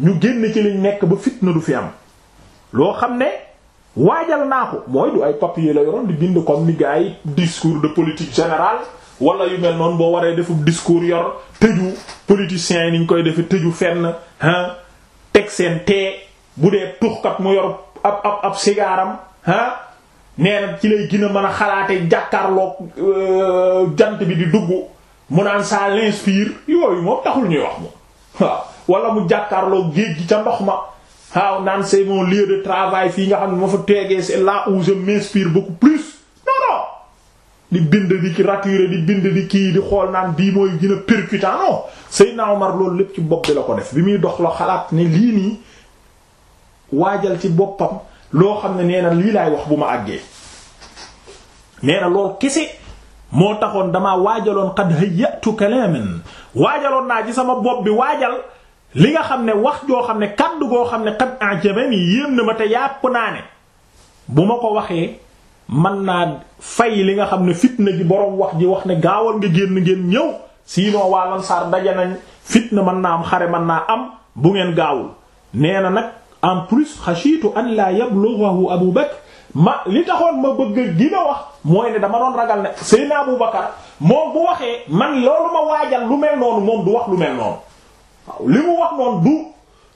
ñu génn ci liñ nekk ba na du fi am loo xam ne waajal naa ko mooy du ay papier la yoroon di bind comme ni gars yi discours de politique générale wala yu mel noon boo waree defub discours yor tëju politiciens yi ni koy defee tëju fenn ah teg seen tee bu dee tuxkat mu yor. ab ab ab sigaaram ah nee ci lay gën a mën a xalaate jàkkaarloog euh, jant bi di dugg mu naan ça l'inspire yooyu moom taxul ñuy wax moom waaw wala mu jàkkaarloog géej gi ca ndox ma waaw naan c'est mon lieu de travail fii nga xam ne ma fa teegee c'est là où je m'inspire beaucoup plus non di bind di ki rature di bind di kii di xool naan bii mooy gën a percutant non Seydina Omar loolu lépp ci bopp bi la ko def bi muy dox la xalaat ne lii nii waajal ci boppam loo xam ne nee na lii laay wax bu ma àggee nee na lool kese moo taxoon damaa waajaloon qad hayyatu kalaaman waajaloon naa ci sama bopp bi waajal li nga xam ne wax joo xam ne kaddu goo xam ne qad ajabani yéen na ma te yàpp naa ne bu ma ko waxee man naa fay li nga xam ne fitna ji boroom wax ji wax ne gaawal nga génn ngeen ñëw sinon waa Ansaar daje nañ fitna mën naa am xare mën naa am bu ngeen gaawul nee na nag en plus xashiitu an laa yablughahu Abu Bakr ma li taxoon ma bëgg gi na wax mooy ne dama doon ragal ne Seydina Abu Bakr moom bu waxee man loolu ma waajal lu mel noonu moom du wax lu mel noonu waaw li mu wax noonu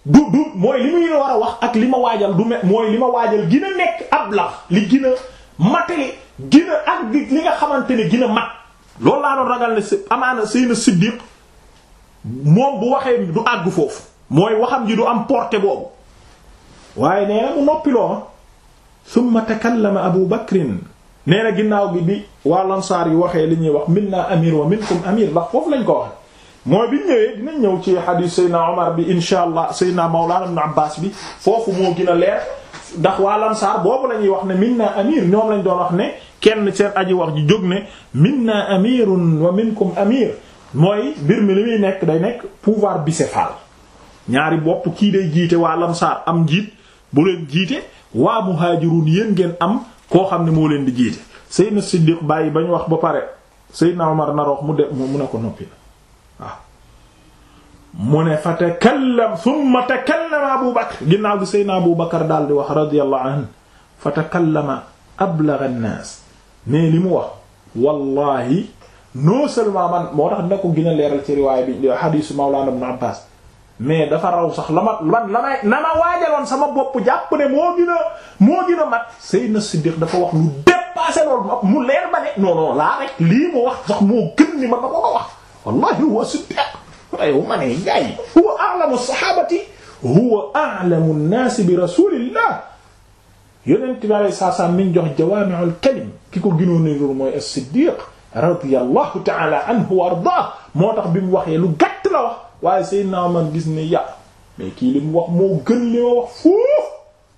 du du mooy li muy war a wax ak li ma waajal du mel mooy li ma waajal gina nekk ab la li gina matali gina ak li nga xamante ne gina mat loolu laa doon ragal ne amaana Seydina Siddiq moom bu waxee du àgg foofu mooy waxam ji du am portée boobu waaye nee na mu noppiloo ma summa takallama abu bakrin nee na ginnaaw bi bi waa lansaar yi waxee li ñuy wax minna amir wa minkum amir lañ ko waxe mooy bi ñëw ci xadiis bi insha allah seydna mawlana ibn abbas bi foofu moo gën leer ndax waa lansaar boobu la ñuy wax ne minna amir ñoom lañ doon wax ne kenn seen aji wax ji jóg ne minna amirun wa minkum amir mooy mbir mi li muy nekk day nekk pouvoir bicéphale ñaari bopp kii day jiite waa lansaar am njiit bu leen jiite waa muhaajiruun yéen ngeen am koo xam ne moo leen di jiite Seydina Siddiq bàyyi bañ wax ba pare Seydina Omar naroox mu de mu ne ko noppi na waaw mu ne fa takallam thumma takallama Abu Bakr ginnaaw gi Seydina Abu Bakr daal di wax radiyallahu anhu fa takallama ablagha an mais li mu wax wallahi non seulement man moo tax na ko a leeral ci riwaay bi xadiisu Mawlana Ibn Abbas mais dafa raw sax la ma man la may na ma waajaloon sama bopp jàpp ne moo gën a moo gën a mat Seydina Siddiq dafa wax lu dépassé loolu mu leer ba ne non non laa rek lii mu wax sax moo gën ni ma ba ko wax wallahi huwa Siddiq aywa ma ne yaay huwa a'lamu sahabati huwa a'lamu an-nas bi rasulillah yonent bi alayhi salaam min jox jawaami'ul kalim ki ko gënoon niru mooy as-Siddiq radiyallahu ta'ala anhu wa ardaah moo tax bi mu waxee lu gàtt la wax waaye Seydina man gis ne ya kii li mu wax moo gën li wax foofu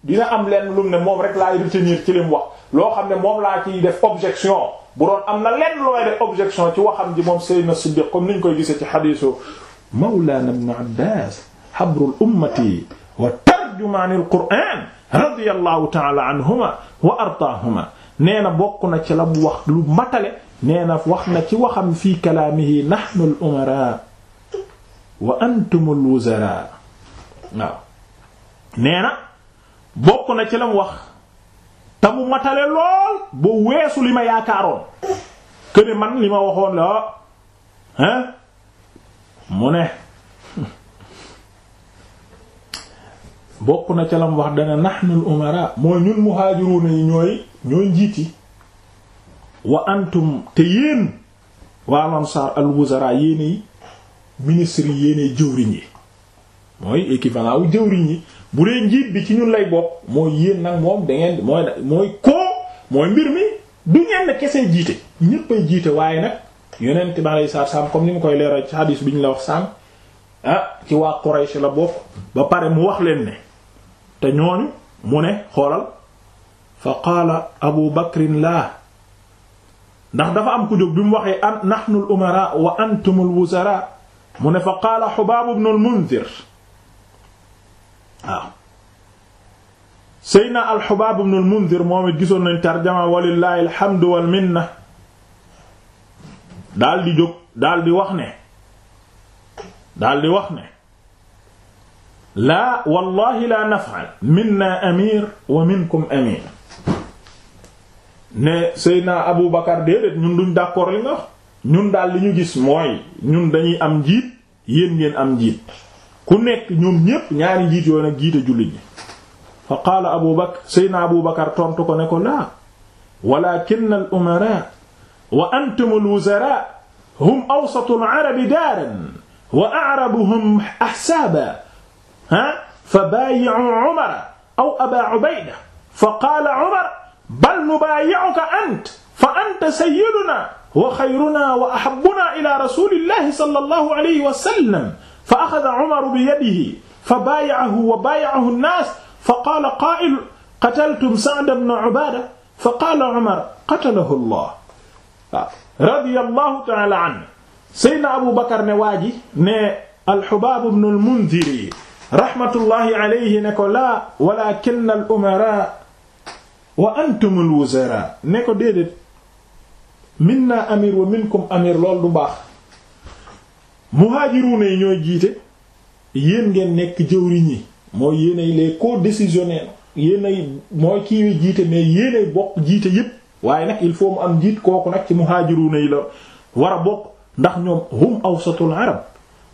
dina am leen lu ne moom rek laay retenir ci li mu wax loo xam ne moom laa ciy def objection bu doon am na lenn looy def objection ci waxam ji moom Seydina Siddiq comme niñ koy gisee ci xadiisu Mawlana Ibn Abbas habrul ummati wa tarjumaanil Qur'aan radiyallahu ta'ala anhuma wa ardaahuma nee na bokk na ci la wax lu matale nee na wax na ci waxam fii kalaamihi nahnu al wa antumul wuzara waaw nee na bokk na ci lam wax te mu matale lool ba weesu li ma yaakaaroon këne man li ma waxoon la ah mu ne hmm. bokk na ca lam wax dana nahnul umara mooy ñun muhaajiruuna yi ñooy ñooy njiiti wa antum te yéen waa lansaar al wuzara yéen yi ministre yi yéenee jëwriñ yi mooy équivalent wu jëwriñ yi bu dee njiit bi ci ñun lay bopp mooy yéen nag moom da ngeen mooy mooy koo mooy mbir mi du ñenn kese jiite ñéppay jiite waaye nag yonent bi alayhi salaatu comme ni mu koy leeral ci hadis bi ñu la wax sànq ah ci waa Quraysh la bokk ba pare mu wax leen ne te ñooñu mu ne xoolal fa qaala Abu Bakrin laa ndax dafa am ku jóg bi mu waxee an nahnu al umara wa antumul wuzara mu ne fa qaala Xubaab ibn al-Munzir waaw al-Xubaab ibn al-Munzir moom it gisoon nañ tarjama walillaahi alhamdu wal minna daal di jóg daal di wax ne daal wax ne laa wallaahi laa naf'al amir wa minkum amir ne Seydina Abu Bakar déedéet ñun duñ d'accord li nga ñun daal li ñu gis mooy ñun dañuy am njiit yéen ngeen am njiit ku nekk ñoom ñépp ñaari njiit yooyu nag jiite jullit bakar seydna abu bakar tontu ko ne ko laa walakin al umaraa wa antum al wuzaraa hum awsatu al arabi daaran wa a'rabuhum ahsaaba ha fa baayi'u umara aw abaa ubayda fa qaala umar bal nubaayi'uka ant fa anta wa xayruna wa ahabbuna ila rasulillahi sallallahu alayhi wa sallam fa axada Umar bi yadihi fa baaya'ahu wa baaya'ahu an-naas fa qaala qaa'il qataltum Sa'd ibn Ubaada fa qaala Umar qatalahu Allah radiyallahu ta'ala anhu Seydina Abu Bakar ne waa ji ne al-Hubaab ibn al-Mundhir rahmatullahi alayhi ne ko laa walaakinna al-umaraa wa antum al-wuzaraa ne ko déedéet minna amir wa minkum amir lool du baax muhaajiruuna yi ñooy jiite yéen ngeen nekk jëwriñ yi mooy yéenay les co-décisionnaires yéenay mooy kii jiite mais yéenay bokk jiite yépp waaye nag il faut mu am jiit kooku nag ci muhaajiruuna yi la war a bokk ndax ñoom hum awsatul arab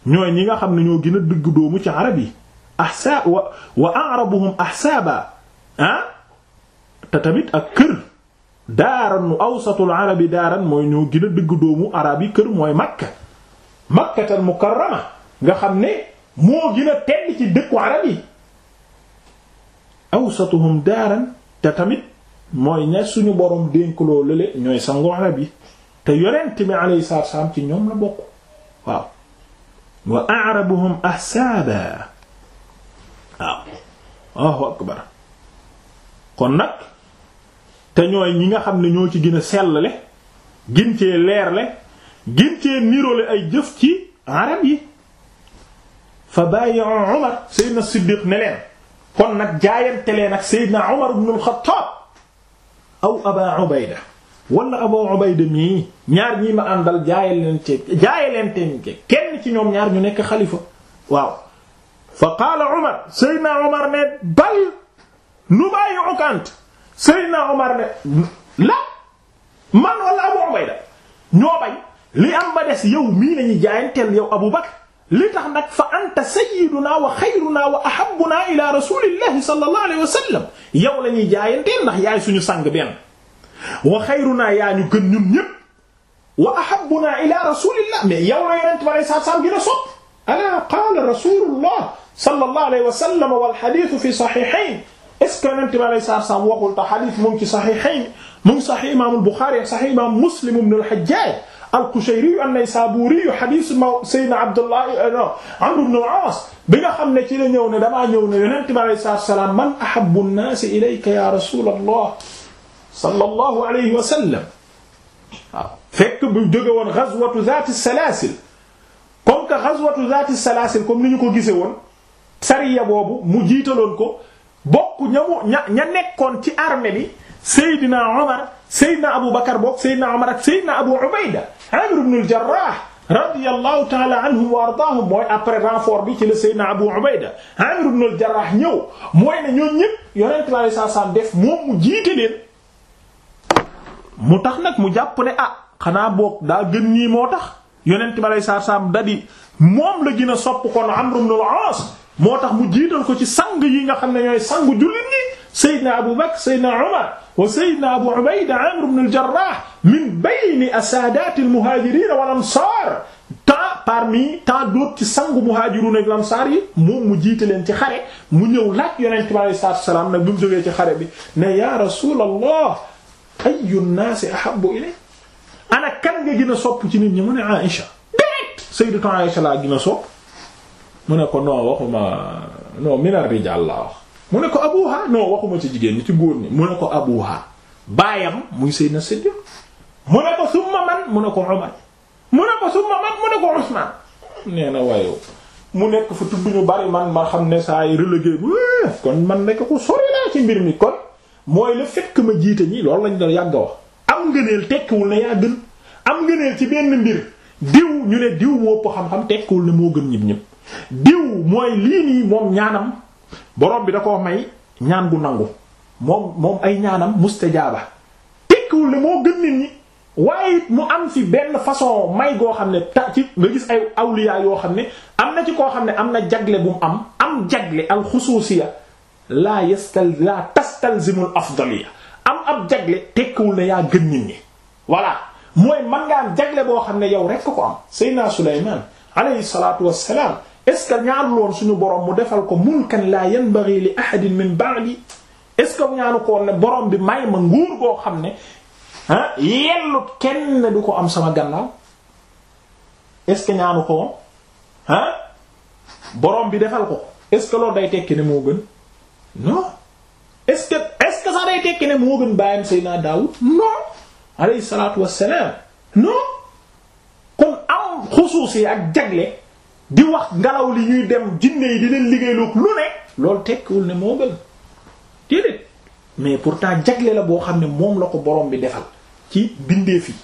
ñooy ñi nga xam ne ñoo gin a dëgg doomu ci arab yi ahsaab wa wa a'rabuhum ahsaaba ah te tamit ak kër daaran awsatul arabi daaran mooy ñoo gën a dëgg doomu arab yi kër mooy makka makkatal mukarrama nga xam ne moo gën a ci dëkku arab yi awsatuhum daaran te tamit mooy ña suñu borom dénkaloo lële ñooy sangu arab yi te yonent bi alayhi salaatu salaam ci ñoom la bokk waaw wa a'rabuhum waaw Allahu kon nag te ñooy ñi nga xam ne ñoo ci gën a sellale gin cee leerle gin cee nirole ay jëf ci arab yi fa bàyyiu kon nag jaayante leen ak Seydina Umar aw Aba Ubayda wala Abu Ubayda mii ñaar ñii ma àndal jaaye leen ci kenn ci ñoom ñaar ñu nekk xalifa waaw fa qaala Umar Seydina Umar ne bal nu bàyyi ukant Seydina Omar ne la man wala Abu Ubayda ñoo bañ li am ba des yow mii lañuy jaayanteel yow Abu Bakr li tax nag fa anta sayyiduna wa xayruna wa ahabbuna ila rasulillahi sallallahu alayhi wa sallam yow la ñuy jaayanteel ndax yaay suñu sang benn wa xayruna yaa ñu gën ñun ñépp wa ahabbuna ila rasulillah mais yow la yonent bare sa sam gën a sopp ala qaala rasulullah sallallahu alayhi wa sallam wal hadith fi sahihayn est-ce que yonent bi alayhi salaatu salaam waxul te xadiis mu ngi ci saxiixayn mu ngi saxiix imaamul Buxaari ak saxiix imaam Muslim ibn al-Hajjaaj al-Qushayri an-Naysaburi xadiis ma Seydina Abdullah eh, Amr ibn al-Aas bi nga xam ne ci la ñëw ne damaa ñëw ne yonent bi alayhi salaatu salaam man ahabbu an-naasi ilayka yaa rasuulallah sallallahu alayhi wa sallam waaw fekk bu jóge woon ghazwatu zaati salaasil comme que ghazwatu zaati salaasil comme ni ñu ko gisee woon sariya boobu mu jiitaloon ko. bokk ña ña nekkoon ci arme bi Seydina Omar Seydina Abu Bakar bokk Seydina Omar ak Seydina Abu Ubayda Amr ibn al-Jarrah ta'ala anhum wa ardaahum mooy après renfort bi ci la Seydina Abu Ubayda Amr ibn al ñëw mooy ne ñoo ñëpp yonent bi alayhi salaam def moom mu jiite leen mu tax nag mu jàpp ne ah xanaa boog daa gën ñii moo tax yonent ma alayhi salaam da di moom la gën a sopp kon Amr ibn moo tax mu jiital ko ci sang yi nga xam ne ñooy sangu jullit ñi Seydina Abu Bakr Seydina Umar wa Seydina Abu Ubayda Amr ibn al-Jarrah min bayni asaadat al-muhajirin wal ansar tant parmi tant d'autres ci sangu muhajirun ak lamsaar yi moom mu jiite leen ci xare mu ñëw laaj yonent bi alayhi salaatu wa salaam nag bi mu jógee ci xare bi ne ya rasulallah ayyu nnaasi ahabbu ilayk ana kan nga gën a sopp ci nit ñi mu ne Aïcha direct Sayyidatu Aïcha laa gën a sopp mu ne ko non waxuma non minar rijal laa wax mu ne ko abuha non waxuma ci jigéen ñi ci góor ñi mu ne ko abuha baayam muy Seydina Siddiq mu ne ko summa man mu ne ko Umar mu ne ko summa man mu ne ko Usman na waaye mu nekk fa tudd ñu bari man ma xam ne saa yi eh, kon man nekk ko sori naa ci mbir mi kon mooy le fait ma jiite ñi loolu lañ doon yàgg a wax am ngëneel tekkiwul ne yaa gën am ngëneel ci benn mbir diw ñu ne diw moo ëpp xam-xam tekkiwul ne moo gën ñëpp ñëpp diw mooy lii nii moom ñaanam borom bi da koo may ñaan bu nangu moom moom ay ñaanam mustajaaba tekkiwul ne moo gën nit ñi waaye mu am fi benn façon may goo xam ne ta ci nga gis ay awliya yoo xam ne am na ci koo xam ne am na jagle bu mu am am jagle al xusuusiya laa yastal laa tastalzimul afdaliya am ab jagle tekkiwul ne yaa gën nit ñi voilà mooy man nga jagle boo xam ne yow rekk ko am Seydina Sulaymaan alayhi salaatu wassalaam est-ce que ñaanul woon suñu borom mu defal ko mulkan la yanbaghi li ahadin min ba'di est-ce ñaanu ko woon bi may ma nguur goo xam ne ah kenn du ko am sama gannaaw est-ce que ñaanu ko woon ah, bi defal ko est-ce day tekki ne moo gën non est-ce que est-ce day tekki ne moo gën bàyyam Seydina Daawud non alayhi salaatu wassalaam non kon am xusuus ak jagle. di wax ngelaw li ñuy dem jinne yi di leen liggéeyloo lu ne loolu tekkiwul ne moo gën déedéet mais pourtant jagle la boo xam ne moom la ko borom bi defal ci bindee yi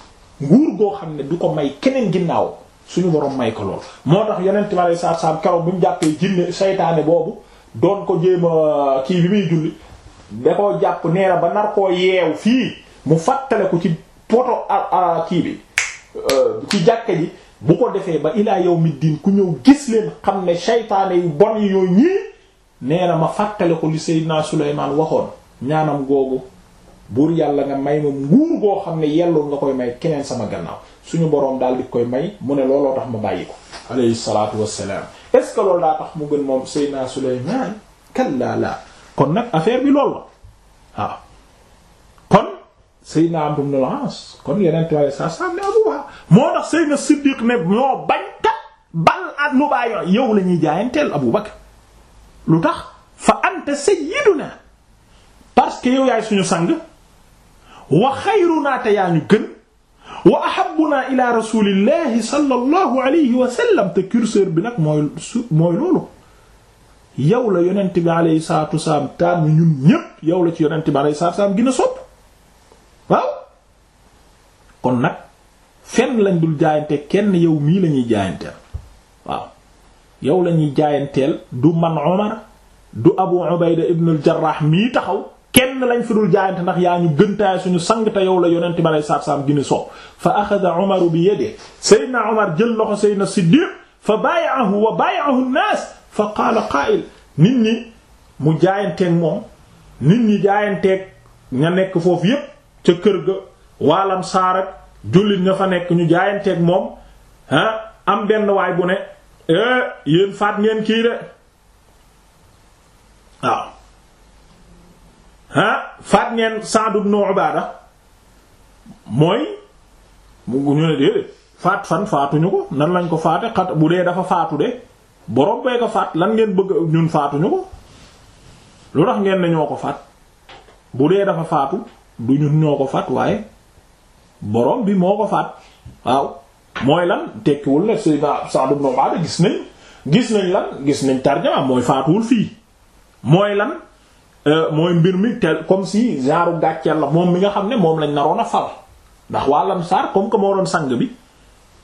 nguur goo xam ne du ko may keneen ginnaaw suñu borom may ko lool. moo tax yonent ma lay saab saab keroog bi mu jàppee jinne seytaane boobu doon ko jéem a kii bi muy julli da koo jàpp nee ba nar koo yeew fii mu fàttale ko ci poto kii bi euh, ci jàkke ji. bu ko defee ba ilaa yawmi diin ku ñëw gis leen xam ne saytaane yu bon yi yooyu ñii nee na ma fàttale ko li Seydina Suleymaan waxoon ñaanam googu buur yàlla nga may ma nguur goo xam ne yelloon nga koy may keneen sama gannaaw suñu boroom daal di koy may mu ne looloo tax ma bàyyi ko alayhi salaatu wassalaam est-ce que daa tax mu gën moom Seydina Suleymaan kallaa laa kon nag affaire bi lool la waaw ah. Seydina Amr ibn al kon yeneen tubaab sa saa ne moo tax Seydina Siddiq ne ñoo bañ kat bal la ñuy jaayanteel Abu Bakr lu tax fa anta sayyiduna parce que yow yaay suñu sang wa xayruna te yaa ñu gën wa ahabbuna ila rasulillahi sallallahu alayhi bi nag mooy la yonent bi alayhi salaatu wasalaam tànn ñun ñépp yow la ci yonent bi alayhi salaatu wasalaam gën a kon nag fenn lañ dul jaayante kenn yow mii lañuy ñuy jaayanteel waaw yow la jaayanteel du man Omar du Abu Ubayda ibn al mii taxaw kenn lañ fi dul jaayante ndax yaa ñu gëntaay suñu sang te yow la yonent bi aleyhi salaatu gini so fa axada Omar bi yadihi Seydina Omar jël loxo Seydina Siddiq fa baayaahu wa baayaahu naas fa qaala qaa'il nit ñi mu jaayanteeg moom nit ñi jaayanteeg ña nekk foofu yépp ca kër ga. waalam saarak jullit nga fa nekk ñu jaayanteeg moom ah am benn waay bu ne eh, yéen faat ngeen kii de waaw ah faat ngeen Sa'd ibn Ubaada mooy mu ñu faat fan faatuñu ko nan lañ ko faate xat bu dee dafa faatu de borom bee ko faat lan ngeen bëgg ñun faatuñu ko lu tax ngeen ne ñoo ko faat bu dee dafa faatu du ñun ñoo ko faat waaye borom bi moo ko faat waaw mooy lan tekkiwul la Seydina Sa'd ibn Ubaada gis nañ gis nañ lan gis nañ tarjama mooy faatuwul fii mooy lan euh, mooy mbir mi comme si genre gàcceel la moom mi nga xam ne moom lañ naroon a fal ndax waa Lamsaar comme que moo doon sang bi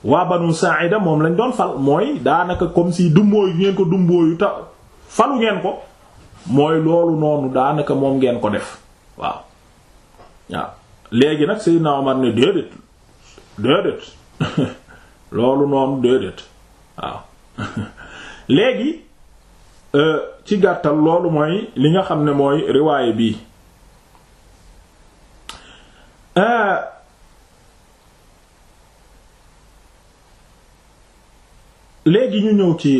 waa Banu Saa'ida moom lañ doon fal mooy daanaka comme si dumbooyu ngeen ko dumbooyu ta falu ngeen ko mooy loolu noonu daanaka moom ngeen ko def waaw waaw léegi nag Seydina Omar ne déedéet déedéet loolu noonu déedéet waaw léegi euh, ci gàttal loolu mooy li nga xam ne mooy riwaaye bii euh, léegi ñu ñëw ci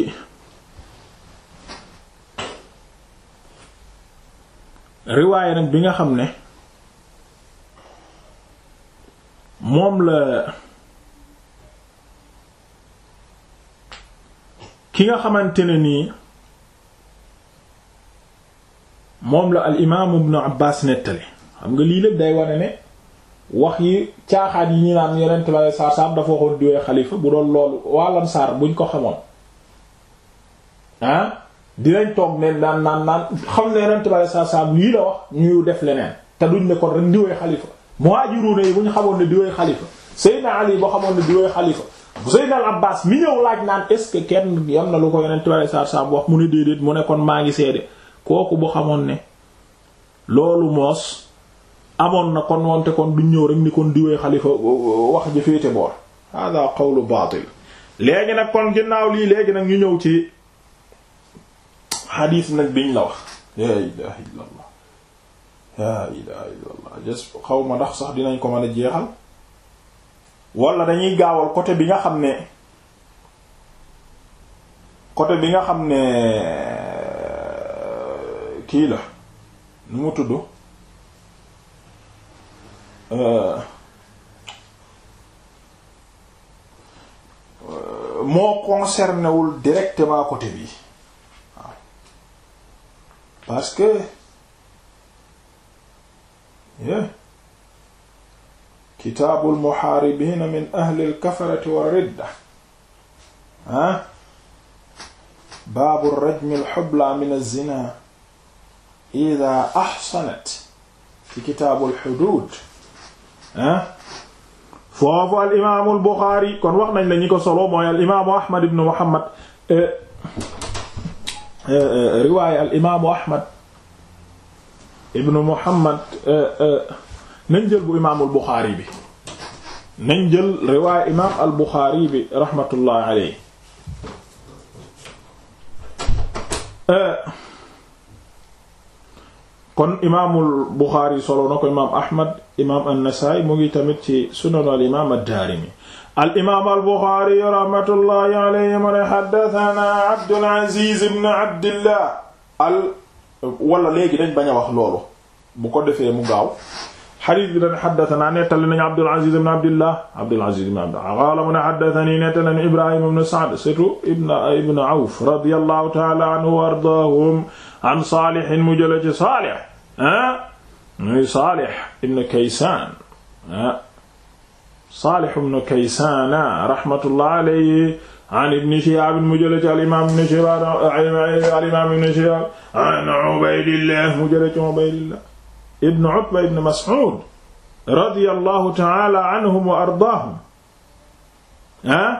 riwaaye nag bi nga xam ne moom la ki nga xamante ne nii moom la al imaam ibn Abbaas nettali xam nga lii lépp day wane ne wax yi caaxaat yi ñu naan yonent la saar saar dafa waxoon diwee xalifa bu doon loolu wàllan saar buñ ko xamoon ah dinañ toog ne daan naan naan xam ne yonent saar saar lii la wax ñuy def leneen te duñ nekkoon kon diwee xalifa muhaajiruuna yi bu ñu xamoon ne di way xalifa Seydina Ali boo xamoon ne di way xalifa bu Seydina Abbas mi ñëw laaj naan est-ce que kenn yam na lu ko yeneen tubaab saar saar wax mu ne déedéet mu ne kon maa ngi seede kooku boo xamoon ne loolu moos amoon na kon wonte kon duñ ñëw rek ni kon di way xalifa wax ji féete boor hada qawlu baatil léegi nag kon ginnaaw lii léegi nag ñu ñëw ci xadiis nag biñ la wax laa ilaha illallah jës xaw ma ndax sax dinañ ko mën a jeexal wala dañuy gaawal côté bi nga xam ne côté bi nga xam ne euh, kii la nu mu tudd euh, moo concerné wul directement côté bi waaw parce que kitaabul muhaaribiina min ahlil kafarati wa ridda ah baabu rajmil xublaa mina zinaa idaa axsanat ci kitaabul xuduud ah foofu al imaamul buxaari kon wax nañ la ñi ko solo mooy al imaamu ahmad ibn muhammad eh, eh, eh, riwaaya al imaamu ahmad ibnu muhammad eh, eh, nañ jël bu imaamul buxaari bi nañ jël riwaaya imaam al buxaari bi raxmatullaahi alayhi eh, kon imaamul buxaari solo na ko imaam ahmad imaam an-nasaai mu ngi tamit ci sunan al imaam ad-daarimi al imaam al buxaari raxmatullaahi alayhi mu ne xaddasanaa abdul aziz ibn abdillah al wala léegi dañ bañ a wax loolu bu ko defee mu gaaw xadis bi dañ xaddatanaa nettali nañu Abdul Aziz ibn Abdillah Abdul Aziz ibn Abdillah qaala mu ne xaddatani nettali nañu Ibrahim ibn Sa'd surtout ibn ibn Awf radiyallahu ta'ala anhu wa ardaahum an Saalih mu jële ci Saalih ah muy Saalih ibn Kaysaan ah Saalih ibn Kaysaan rahmatullahi alayhi an ibni Shihaab mu jële ci alimaam ibni Shihaab alimaam ibni Shihaab an Ubaydillah mu jële ci Ubaydillah ibn Utba ibn Mas'ud radiyallahu ta'ala anhum wa ardaahum ah?